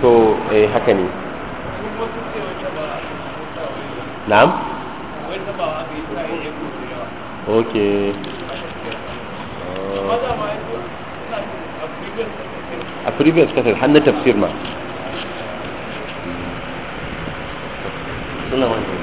to eh haka ne na'am okay a previous kasar hannun tafsir ma suna wani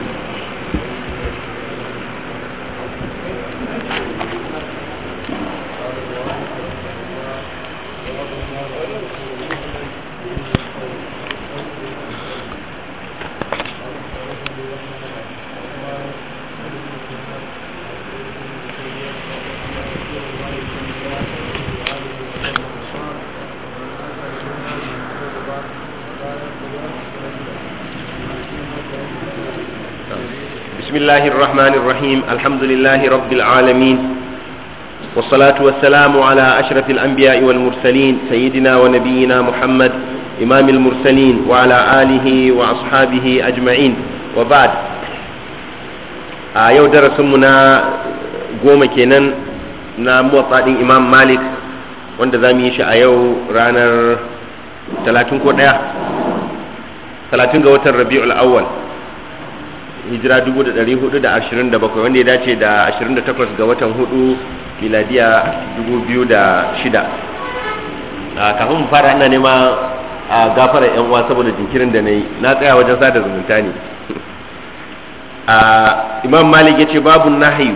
الله الرحمن الرحيم الحمد لله رب العالمين والصلاة والسلام على أشرف الأنبياء والمرسلين سيدنا ونبينا محمد إمام المرسلين وعلى آله وأصحابه أجمعين وبعد yau darasinmu na goma kenan na motsadin imam malik wanda za mu yi shi a yau ranar 30 ko 1 30 ga watan rabi'ul awwal hijira bakwai wanda ya dace da 28 ga watan hudu miladiya 2006 ah, kafin mu fara ana nema a gafara yan uwa saboda jinkirin da na yi na tsaya wajen sada zumunta ne ah, imam malik ya ce babun nahayu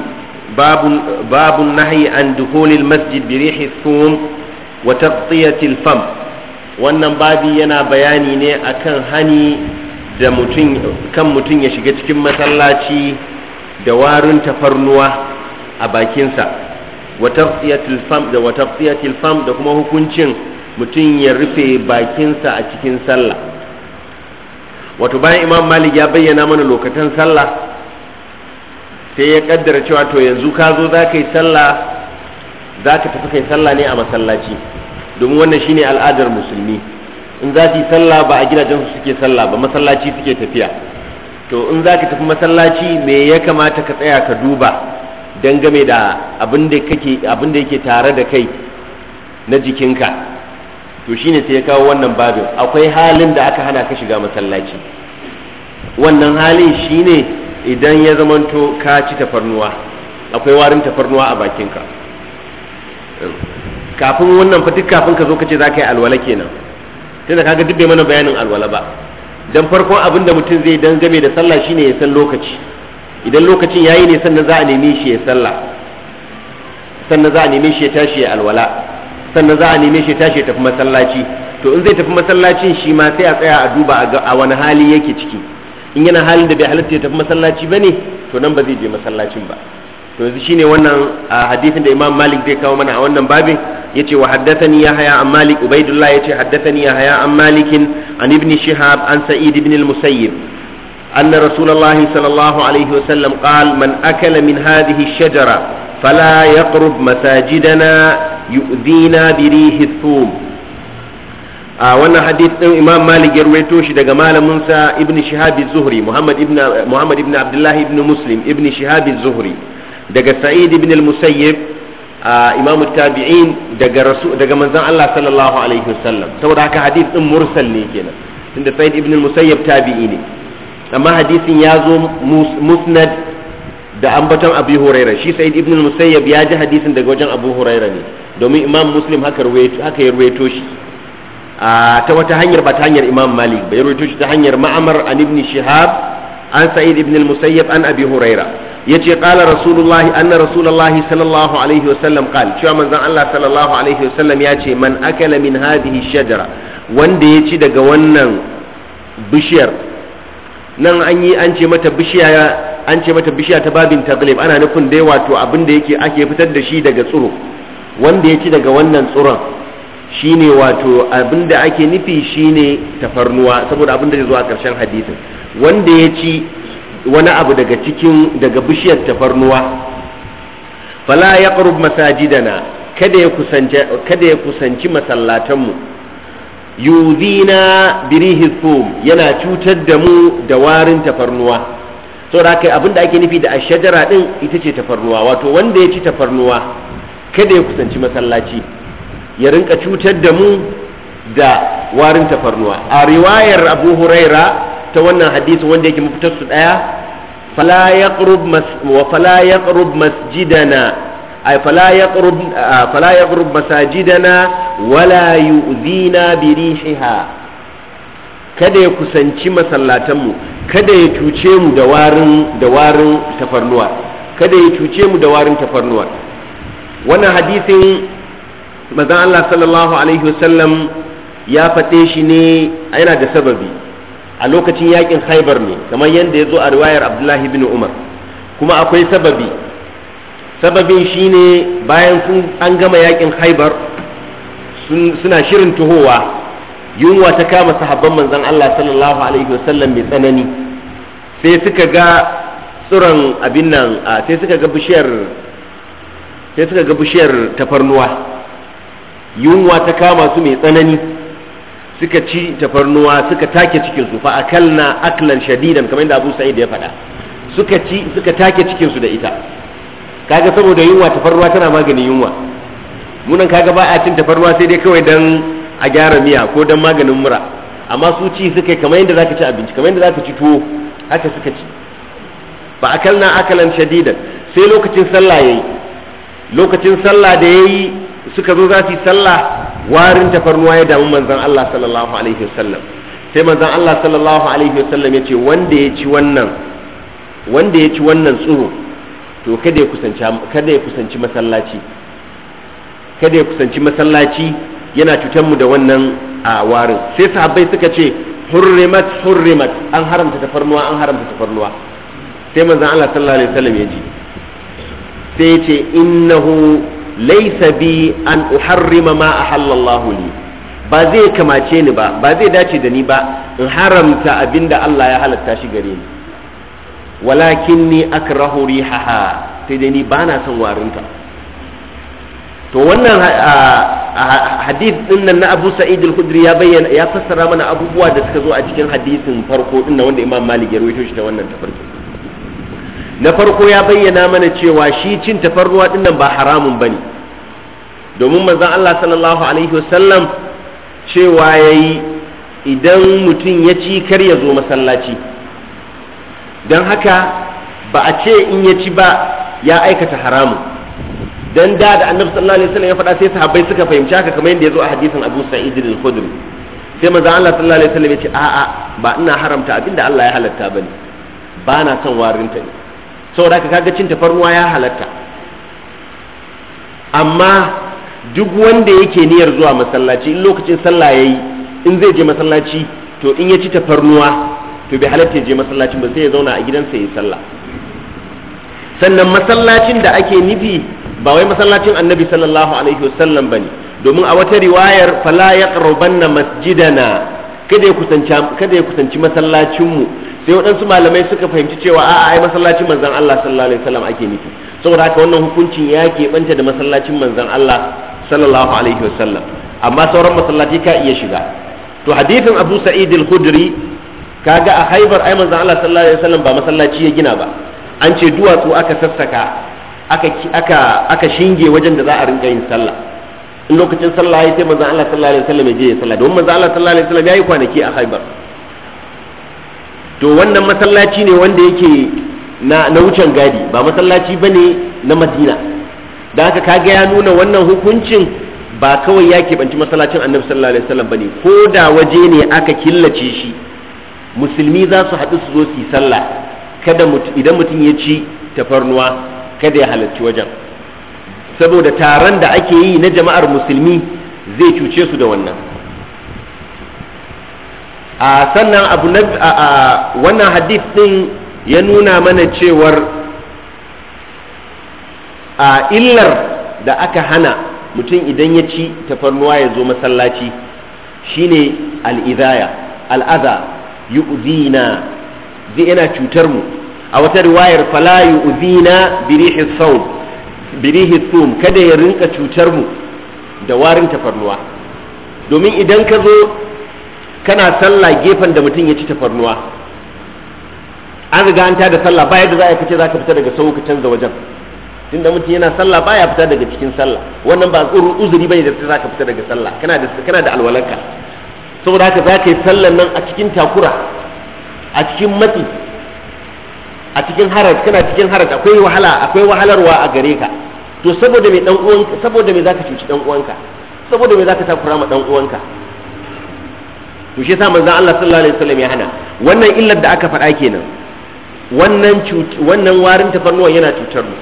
babun nahayi an duhulil masjid bi rihi wata wa fam wannan babi yana bayani ne akan hani da mutum kan mutum ya shiga cikin masallaci da warin tafarnuwa a bakinsa wa tafsiyatil fam da kuma hukuncin mutum ya rufe bakinsa a cikin sallah wato bayan imam malik ya bayyana mana lokacin sallah sai ya kaddara cewa to yanzu ka zo za ka sallah za ka tafi kai sallah ne a masallaci domin wannan shine al'adar musulmi in za su yi sallah ba a gidajen su suke sallah ba masallaci suke tafiya to in za ka tafi masallaci me ya kamata ka tsaya ka duba game da abin da kake abin da yake tare da kai na jikinka to shine sai ya kawo wannan babin akwai halin da aka hana ka shiga masallaci wannan halin shine idan ya zamanto ka ci tafarnuwa akwai warin tafarnuwa a bakinka kafin wannan fa duk kafin ka zo ka ce za ka yi alwala kenan tunda kaga duk bai mana bayanin alwala ba dan farko abin da mutum zai dan game da sallah shine ya san lokaci idan lokacin yayi ne sannan za a neme shi ya sallah sannan za a neme shi ya tashi ya alwala sannan za a neme shi ya tashi ya tafi masallaci to in zai tafi masallacin shi ma sai a tsaya a duba a wani hali yake ciki in yana halin da bai halatta ya tafi masallaci bane to nan ba zai je masallacin ba to yanzu shine wannan hadisin da Imam Malik zai kawo mana a wannan babin yace wa haddathani haya an Malik Ubaidullah yace haddathani haya an Malik an Ibn Shihab an Sa'id ibn al-Musayyib أن رسول sallallahu alaihi wa عليه وسلم قال من min من هذه الشجرة فلا يقرب مساجدنا يؤذينا بريح الثوم a wannan hadith din imam malik ya ruwaito shi daga malamin sa ibn shihab az-zuhri muhammad ibn muhammad ibn abdullah ibn muslim ibn shihab az-zuhri daga sa'id ibn al-musayyib imamu tabi'in daga rasu daga manzon Allah sallallahu alaihi wasallam saboda haka hadith din mursal ne kenan tunda sa'id ibn al-musayyib tabi'i ne amma hadisin ya zo musnad da ambaton abi huraira shi sa'id ibn al-musayyib ya ji hadisin daga wajen abu huraira ne domin imam muslim haka ruwaito haka ya ruwaito shi ta wata hanyar ba ta hanyar imam malik ba ya ruwaito shi ta hanyar ma'amar an ibn shihab an sa'id ibn al-musayyib an abi huraira yace qala rasulullahi anna rasulullahi sallallahu alaihi wasallam qala cewa manzon Allah sallallahu alaihi wasallam yace man akala min hadhihi shajara wanda ya ci daga wannan bishiyar nan an yi an ce mata bishiya an ce mata bishiya ta babin taglib ana nufin dai wato abin da yake ake fitar da shi daga tsiro wanda ya ci daga wannan tsiron shine wato abin da ake nufi shine tafarnuwa saboda abin da zai zo a ƙarshen hadisin wanda ya ci wani abu daga cikin daga bishiyar tafarnuwa fala ya ƙarub masajidana kada ya kusanci kada ya kusanci masallatanmu yuzina yana cutar da mu da warin tafarnuwa saboda haka abinda ake nufi da ashajara din ita ce tafarnuwa wato wanda ya ci tafarnuwa kada ya kusanci masallaci ya rinka cutar da mu da warin tafarnuwa a riwayar abu huraira ta wannan hadisi wanda yake mafitar su daya fala yaqrub wa fala yaqrub masjidana ay fala yaqrub fala yaqrub masajidana wala yu'dina bi rihiha kada ya kusanci masallatan mu kada ya cuce mu da warin da warin tafarnuwa kada ya cuce mu da warin tafarnuwa wannan hadisin manzon Allah sallallahu alaihi wasallam ya faɗe shi ne yana da sababi a lokacin yakin haibar ne kamar yadda ya zo a riwayar abdullahi bin umar kuma akwai sababi sababin shine bayan sun an gama yakin haibar suna shirin tuhowa yunwa ta kama sahabban manzon Allah sallallahu alaihi wasallam mai tsanani sai suka ga tsiron abin nan sai suka ga bishiyar sai suka ga bishiyar tafarnuwa yunwa ta kama su mai tsanani suka ci tafarnuwa suka take cikin su fa akalna aklan shadidan kamar yadda Abu Sa'id ya faɗa suka ci suka take cikin su da ita kaga saboda yunwa tafarnuwa tana maganin yunwa munan kaga ba a cin tafarnuwa sai dai kawai dan a gyara miya ko dan maganin mura amma su ci suka kamar yadda zaka ci abinci kamar yadda zaka ci tuwo haka suka ci ba akalna akalan shadidan sai lokacin sallah yayi lokacin sallah da yayi suka zo za su yi sallah warin tafarnuwa ya damu manzon Allah sallallahu alaihi wasallam sai manzon Allah sallallahu alaihi wasallam ya ce wanda ya ci wannan wanda ya ci wannan tsuro to kada ya kusanci kada ya kusanci masallaci kada ya kusanci masallaci yana cutar mu da wannan a warin sai sahabbai suka ce hurrimat hurrimat an haramta tafarnuwa an haramta tafarnuwa sai manzon Allah sallallahu alaihi wasallam ya ce sai ya ce innahu laisa bi an uharrima ma ahalla Allah li ba zai kamace ni ba ba zai dace da ni ba in haramta abinda Allah ya halatta shi gare ni walakinni akrahu rihaha sai dai ni bana son warinta to wannan ah, ah, ah, hadith din nan na Abu Sa'id al-Khudri ya bayyana ya fassara mana abubuwa da suka zo a cikin hadisin farko din wanda Imam Malik ya rawaito shi ta wannan tafarkin na farko ya bayyana mana cewa shi cin tafarruwa din nan ba haramun bane domin manzon Allah sallallahu alaihi wasallam cewa yayi idan mutum ya ci kar ya zo masallaci don haka ba a ce in ya ci ba ya aikata haramun dan da da annabi sallallahu alaihi wasallam ya faɗa sai sahabbai suka fahimci haka kamar yadda ya zo a hadisin Abu Sa'id al-Khudri sai manzon Allah sallallahu alaihi wasallam ya ce a'a ba ina haramta abinda Allah ya halatta bane ba na son warinta ne saboda ka kaga cin tafarnuwa ya halatta amma duk wanda yake niyyar zuwa masallaci in lokacin sallah yayi in zai je masallaci to in ya ci tafarnuwa to bai halatta ya je masallacin ba sai ya zauna a gidansa ya sallah sannan masallacin da ake nufi ba wai masallacin annabi sallallahu alaihi wasallam bane domin a wata riwayar fala yaqrabanna masjidana kada ya kusanci kada ya kusanci masallacin mu sai waɗansu malamai suka fahimci cewa a'a ai masallacin manzon Allah sallallahu alaihi wasallam ake nufi saboda haka wannan hukuncin ya keɓanta da masallacin manzon Allah sallallahu alaihi wasallam amma sauran masallaci ka iya shiga to hadithin Abu Sa'id al-Khudri kaga a Haibar ai manzon Allah sallallahu alaihi wasallam ba masallaci ya gina ba an ce duwatsu aka sassaka aka aka aka shinge wajen da za a rinka yin sallah in lokacin sallah ya sai manzo Allah sallallahu alaihi wasallam ya je ya sallah don manzo Allah sallallahu alaihi wasallam yayi kwanaki a Khaibar to wannan masallaci ne wanda yake na na wucin gadi ba masallaci bane na Madina da haka kaga ya nuna wannan hukuncin ba kawai ya keɓanci masallacin annabi sallallahu alaihi wasallam bane ko da waje ne aka killace shi musulmi za su haɗu su zo su yi sallah kada idan mutum ya ci tafarnuwa kada ya halarci wajen saboda taron da ake yi na jama'ar musulmi zai cuce su da wannan a sannan abu na wannan hadith din ya nuna mana cewar a illar da aka hana mutum idan ya ci tafarnuwa ya zo masallaci shine al'izaya al'aza yu'zina zai yana cutar mu a wata riwayar fala yu'zina bi rihi birihi tsum kada ya rinka cutar mu da warin tafarnuwa domin idan ka zo kana sallah gefen da mutum ya ci tafarnuwa an riga an tada sallah ba yadda za a kace za ka fita daga sau ka canza wajen tunda mutum yana sallah baya fita daga cikin sallah wannan ba tsuru uzuri bane da za ka fita daga sallah kana da kana da alwalanka saboda haka za ka yi sallan nan a cikin takura a cikin matsi a cikin haraj kana cikin haraj akwai wahala akwai wahalarwa a gare ka to saboda me dan uwanka saboda me zaka cuci dan uwanka saboda me zaka takura ma dan uwanka to shi yasa manzon Allah sallallahu alaihi wasallam ya hana wannan illar da aka faɗa kenan wannan wannan warin tafarnuwan yana cutar mu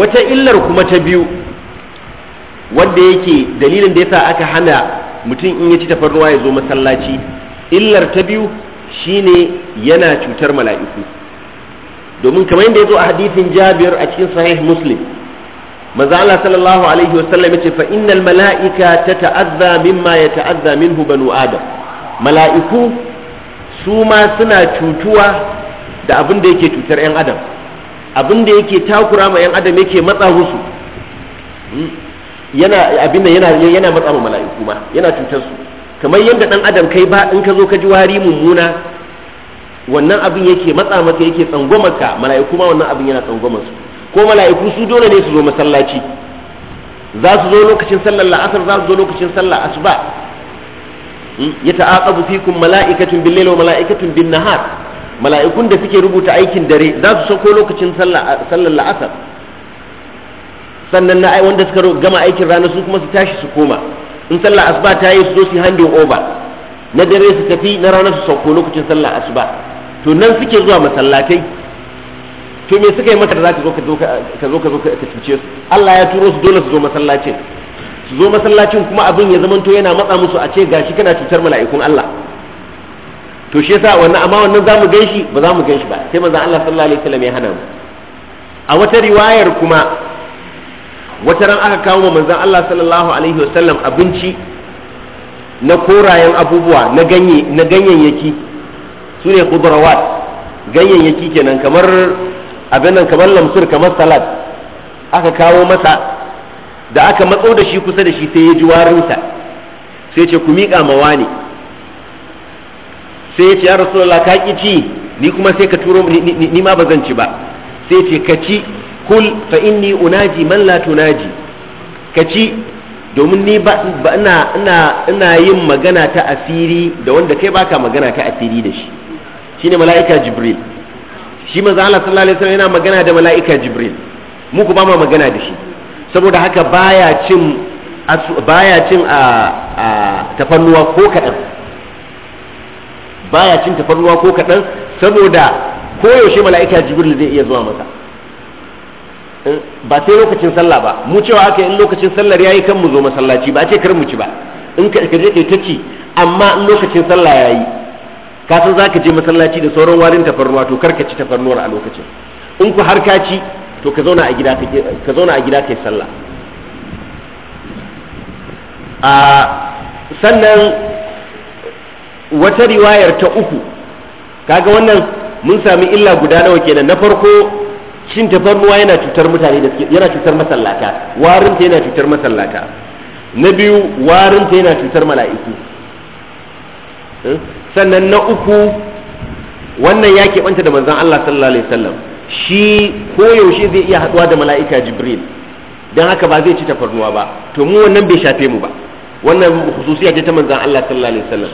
wata illar kuma ta biyu wanda yake dalilin da yasa aka hana mutum in ya ci tafarnuwa ya zo masallaci illar ta biyu shine yana cutar mala'iku domin kamar yadda ya zo a hadisin jabir a cikin sahih muslim maza Allah sallallahu alaihi wa sallam, yace fa innal mala'ika ta tata'azza mimma yata'azza minhu banu adam mala'iku su ma suna cutuwa da abin da yake cutar yan adam abin da yake takura ma yan adam yake matsa musu hmm? yana abin yana yana matsa ma mala'iku ma yana cutar su kamar yadda dan adam kai ba in ka zo ka ji wari mummuna wannan abin yake matsa maka yake tsangwamarka mala'iku ma wannan abin yana tsangwamar su ko mala'iku su dole ne su zo masallaci za su zo lokacin sallar la'asar za su zo lokacin sallar asuba hmm? ya ta'aqabu fikum mala'ikatun bil wa mala'ikatun bin nahar mala'ikun da suke rubuta aikin dare za su sauko lokacin sallar la'asar sannan na wanda suka gama aikin rana su kuma su tashi su koma in sallar asuba ta yi su zo su handin over na dare su tafi na rana su sauko lokacin sallar asuba to nan suke zuwa masallatai to me suka yi mata da za ka zo ka zo ka zo ka cuce su Allah ya turo su dole su zo masallacin su zo masallacin kuma abin ya zamanto yana matsa musu a ce gashi kana cutar mala'ikun Allah to shi yasa wannan amma wannan zamu gan shi ba za mu gan shi ba sai manzon Allah sallallahu alaihi wasallam ya hana mu a wata riwayar kuma wata ran aka kawo manzon Allah sallallahu alaihi wasallam abinci na korayen abubuwa na ganye na ganyayyaki su ne khudrawat ganyayyaki kenan kamar abin nan kamar lamsur kamar salad aka kawo masa da aka matso da shi kusa da shi sai ya ji warinsa sai ce ku miƙa mawa ne sai ya ce ya rasulullah ka ki ci ni kuma sai ka turo ni ma ba zan ci ba sai ce ka ci kul fa inni unaji man la tunaji ka ci domin ni ba ina ina ina yin magana ta asiri da wanda kai baka magana ta asiri da shi shine mala'ika jibril shi manzo Allah sallallahu alaihi wasallam yana magana da mala'ika jibril mu ku ba mu magana da shi saboda haka baya cin baya cin a tafannuwa ko kadan baya cin tafannuwa ko kadan saboda koyaushe mala'ika jibril zai iya zuwa masa eh, ba sai lokacin sallah ba mu cewa aka in lokacin sallar yayi kan mu zo masallaci ba a ce kar mu ci ba in ka je ta ci amma in lokacin sallah yayi ka san ka je masallaci da sauran warin tafarnuwa to kar ka ci tafarnuwar a lokacin in ku har ka ci to ka zauna a gida ka zauna a gida kai sallah a sannan wata riwayar ta uku kaga wannan mun sami illa guda nawa kenan na farko shin tafarnuwa yana cutar mutane da suke yana cutar masallata ta yana cutar masallata na biyu ta yana cutar mala'iku Hmm? sannan na uku wannan ya keɓanta da manzan Allah sallallahu alaihi wasallam shi koyaushe zai iya haɗuwa da mala'ika jibril don haka ba zai ci tafarnuwa ba to mu wannan bai shafe mu ba wannan hususiya ce ta manzan Allah sallallahu alaihi wasallam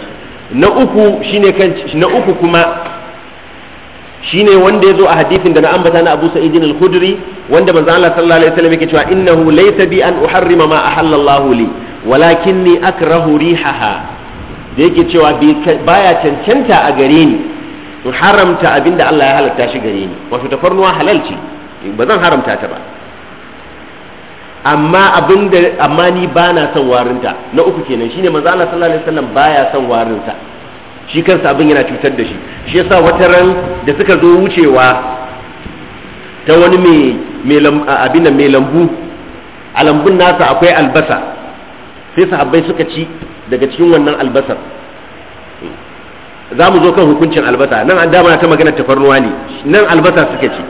na uku shine kan na uku kuma shine wanda ya zo a hadisin da na ambata na Abu Sa'id al-Khudri wanda manzan Allah sallallahu alaihi wasallam yake cewa innahu laysa bi an uharrima ma ahalla Allah li walakinni akrahu rihaha da yake cewa baya cancanta a gare ni in haramta abin da Allah ya halatta shi gare ni wato tafarnuwa halal ce eh, ba zan haramta ta ba amma abin da amma ni ba na son warinta na uku kenan shine manzo Allah sallallahu alaihi wasallam baya son warinta shi kansa abin yana cutar da shi shi yasa wata ran da suka zo wucewa ta wani mai abin mai lambu a lambun nasa akwai albasa sai sahabbai suka ci daga cikin wannan albasar za mu zo kan hukuncin albasa nan an dama ta magana tafarnuwa ne nan albasa suka ci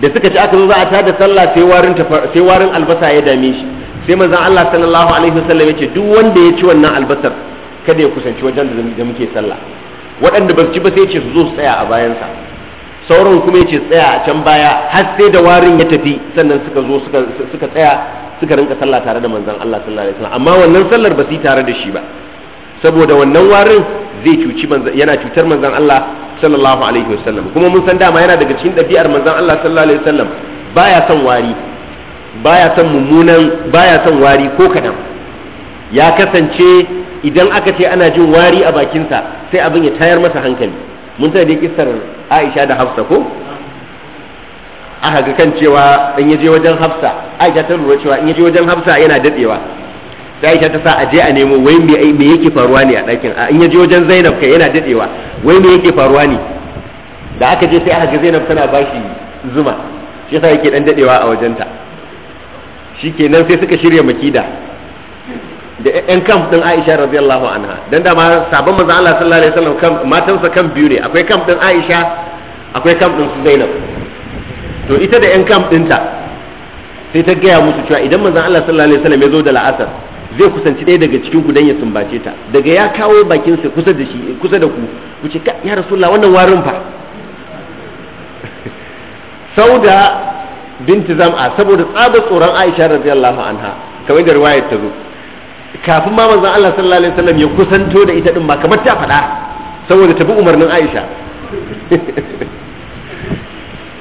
da suka ci aka zo za a tada sallah sai warin albasa ya dame shi sai manzon Allah sallallahu alaihi wasallam yace duk wanda ya ci wannan albasar kada ya kusanci wajen da muke sallah waɗanda ba su ci ba sai ce su zo su tsaya a bayansa sauran kuma ya ce tsaya can baya har sai da warin ya tafi sannan suka zo suka tsaya suka rinka sallah tare da manzon Allah sallallahu alaihi wasallam amma wannan sallar ba su tare da shi ba saboda wannan warin zai cuci yana cutar manzon Allah sallallahu alaihi wasallam kuma mun san dama yana daga cikin ɗabi'ar manzon Allah sallallahu alaihi wasallam baya son wari baya son mummunan baya son wari ko kadan ya kasance idan aka ce ana jin wari a bakinsa sai abin ya tayar masa hankali mun tana da kissar Aisha da Hafsa ko aka ga kan cewa in yaje wajen hafsa aisha ta lura cewa in yaje wajen hafsa yana dadewa sai aisha ta sa a je a nemo wai me me yake faruwa ne a dakin in yaje wajen zainab kai yana dadewa wai me yake faruwa ne da aka je sai aka ga zainab tana bashi zuma shi yasa yake dan dadewa a wajenta shikenan sai suka shirya makida da yan kam din Aisha radiyallahu anha dan da ma sabon manzo Allah sallallahu alaihi wasallam kam matansa kam biyu ne akwai kam din Aisha akwai kam din Zainab to ita da 'yan camp ɗinta sai ta gaya musu cewa idan manzon Allah sallallahu alaihi wasallam ya zo da la'asar zai kusanci ɗaya daga cikin ku dan ya sumbace ta daga ya kawo bakin sa kusa da shi kusa da ku ku ce ya rasulullah wannan warin fa sauda binti zam'a saboda tsada tsoron Aisha radiyallahu anha kamar da riwayar ta zo kafin ma manzon Allah sallallahu alaihi wasallam ya kusanto da ita din ba kamar ta faɗa saboda tabi umarnin Aisha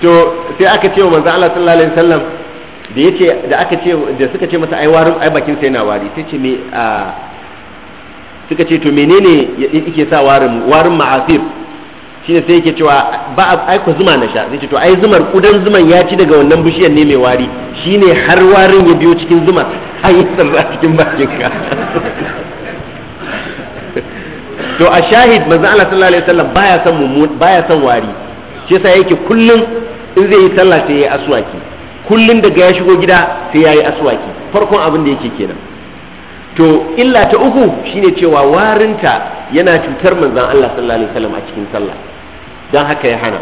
to sai aka ce wa manzo Allah sallallahu alaihi wasallam da yace da aka ce da suka ce masa ai warin ai bakin sai na wari sai ce me a suka ce to menene yake sa warin warin ma'asif shine sai yake cewa ba ai ku zuma na sha sai ce to ai zumar kudan zuman ya ci daga wannan bishiyar ne mai wari shine har warin ya biyo cikin zuma ai ya tsarra cikin bakin ka to a shahid manzo Allah sallallahu alaihi wasallam baya son baya son wari shi yasa yake kullum in zai yi sallah sai ya yi aswaki kullum daga ya shigo gida sai ya yi aswaki farkon abin da yake kenan to illa ta uku shine cewa warinta yana cutar manzon Allah sallallahu alaihi wasallam a cikin sallah dan haka ya hana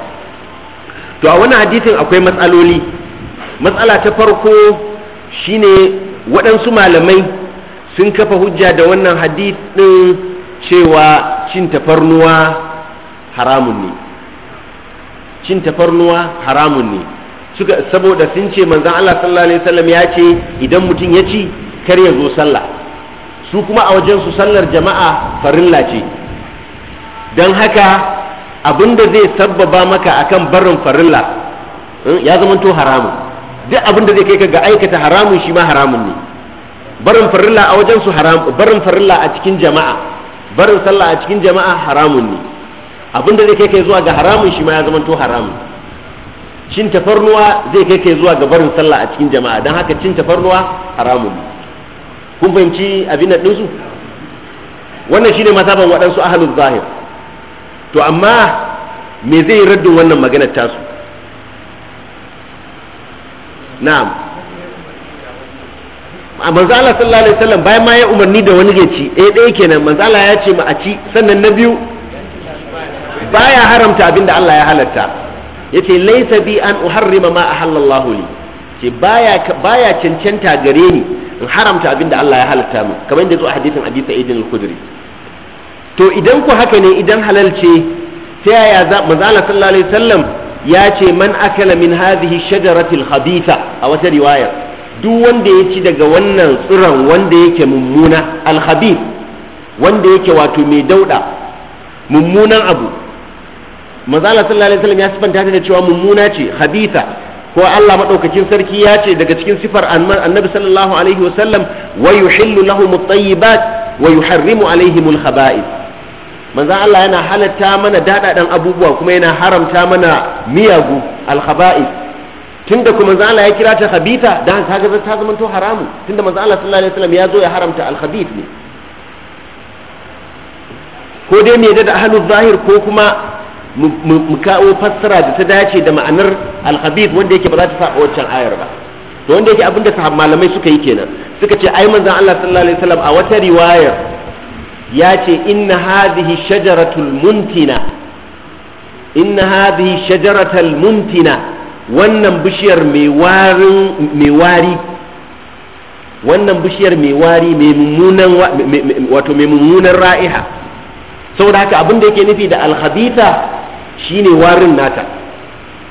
to a wannan hadisin akwai matsaloli matsala ta farko shine waɗansu malamai sun kafa hujja da wannan hadith cewa cin tafarnuwa haramun ne cin tafarnuwa haramun ne suka saboda sun ce manzon Allah sallallahu alaihi wasallam ya ce idan mutum ya ci kar ya zo sallah su kuma a wajen su sallar jama'a farilla ce don haka abinda zai sabbaba maka akan barin farilla hmm, ya zama to haramun duk abinda zai kai ka ga aikata haramun shi ma haramun ne barin farilla a wajen su haram barin farilla a cikin jama'a barin sallah a cikin jama'a haramun ne abin da zai kai kai zuwa ga haramun shi ma ya to haramun cin tafarnuwa zai kai kai zuwa ga barin sallah a cikin jama'a don haka cin tafarnuwa haramun kun fahimci abin da dinsu wannan shine masaban waɗansu ahlul zahir to amma me zai yi raddin wannan ta su na'am manzo Allah sallallahu alaihi wasallam bayan ma ya umarni da wani ya ci eh ɗaya kenan manzo Allah ya ce ma a ci sannan na biyu baya haramta abinda Allah ya halatta yace laysa bi an uharrima ma ahallallahu li ce baya baya cancanta gare ni in haramta abinda Allah ya halatta mu kamar yadda zo a hadisin Abi Sa'id al-Khudri to idan ku haka ne idan halal ce ta yaya za manzala sallallahu alaihi wasallam ya ce man akala min hadhihi shajarati al-khabitha a wata riwaya duk wanda ya ci daga wannan tsiron wanda yake mummuna al-khabith wanda yake wato mai dauda mummunan abu manzo Allah sallallahu alaihi wasallam ya sifanta ta da cewa mummuna ce habitha ko Allah madaukakin sarki ya ce daga cikin sifar annabi sallallahu alaihi wasallam wa yuhillu lahum at-tayyibat wa yuharrimu alaihim al-khaba'ith manzo Allah yana halatta mana dadadan abubuwa kuma yana haramta mana miyagu al-khaba'ith tunda kuma manzo Allah ya kira ta khabitha dan kaga ta zama to haramu tunda manzo Allah sallallahu alaihi wasallam ya zo ya haramta al-khabith ne ko dai me da ahlul zahir ko kuma mu kawo fassara da ta dace da ma'anar alhabib wanda yake ba za ta saba waccan ayar ba to wanda yake abinda sahab malamai suka yi kenan suka ce ai manzon Allah sallallahu alaihi wasallam a wata riwaya ya ce inna hadhihi shajaratul muntina inna hadhihi shajaratul muntina wannan bishiyar mai warin mai wari wannan bishiyar mai wari mai mummunan wato mai mummunan ra'iha saboda haka abin da yake nufi da alhabita shine warin nata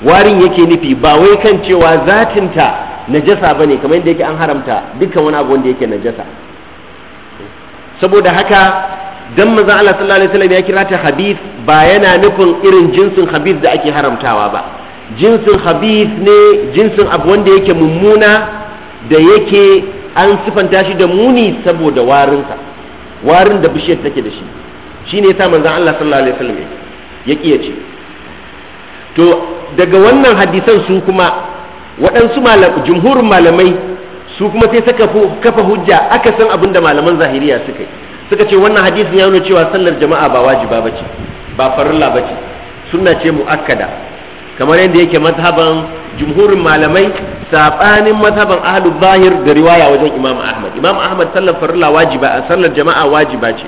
warin yake nufi ba wai kan cewa zatinta najasa ne kamar yadda yake an haramta dukkan wani abu wanda yake najasa saboda haka dan maza Allah sallallahu alaihi wasallam ya kira ta habib ba yana nufin irin jinsin habib da ake haramtawa ba jinsin habib ne jinsin abu wanda yake mummuna da yake an sifanta shi da muni saboda warinsa warin da bishiyar take da shi shine sa manzon Allah sallallahu alaihi wasallam ya kiyace. to daga wannan hadisan su kuma waɗansu jumhurin malamai su kuma sai suka kafa hujja aka san abin da malaman zahiriya suka yi suka ce wannan hadisin ya nuna cewa sallar jama'a ba wajiba bace ba farilla bace sunna ce muakkada kamar yadda yake mazhaban jumhurin malamai sabanin mazhaban ahlul zahir da riwaya wajen imam ahmad imam ahmad sallar farilla wajiba sallar jama'a wajiba ce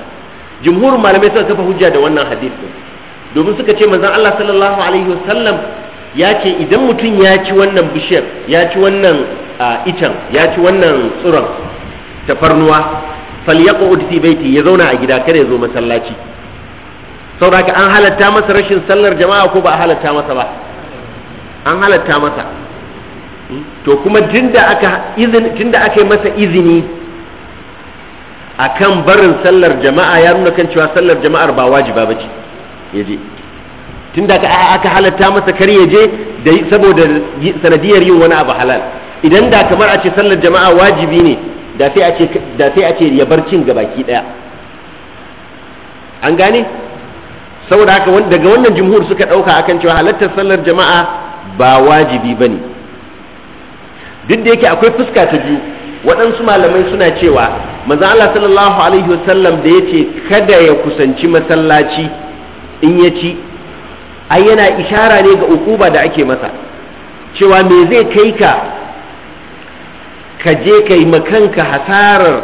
jumhurin malamai suka kafa hujja da wannan hadisin domin suka ce manzon Allah sallallahu alaihi wasallam ya ce idan mutum ya ci wannan bishiyar ya ci wannan itan ya ci wannan tsiron tafarnuwa falyaqud fi baiti ya zauna a gida kada ya zo masallaci saboda an halatta masa rashin sallar jama'a ko ba a halatta masa ba an halatta masa to kuma tunda aka izini tunda aka yi masa izini akan barin sallar jama'a ya nuna kan cewa sallar jama'ar ba wajiba bace ya je tun da aka halatta masa kar ya je saboda sanadiyar yin wani abu halal idan da kamar a ce sallar jama'a wajibi ne da sai a ce ya bar cin gabaki daya an gane saboda haka daga wannan jumhur suka dauka akan cewa halattar sallar jama'a ba wajibi bane duk da yake akwai fuska ta biyu waɗansu malamai suna cewa manzo Allah sallallahu alaihi wasallam da yace kada ya kusanci masallaci in ya ci ai yana ishara ne ga ukuba da ake masa cewa me zai kai ka ka je ka yi makanka hasarar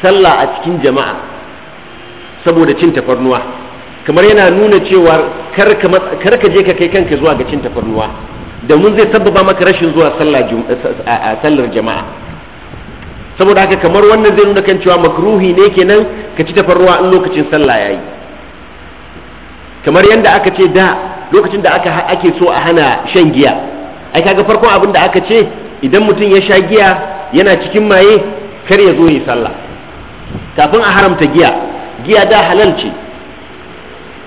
sallah a cikin jama'a saboda cin tafarnuwa kamar yana nuna cewa kar ka je ka kai kanka zuwa ga cin tafarnuwa domin zai sababa maka rashin zuwa eh, sallar jama'a saboda haka kamar wannan zai nuna kan cewa makruhi ne kenan ka ci tafarnuwa in lokacin sallah yayi kamar yadda aka ce da lokacin da aka ake so a hana shan giya ai kaga farkon abin da aka ce idan mutum ya sha giya yana cikin maye kar ya zo yi sallah kafin a haramta giya giya da halal ce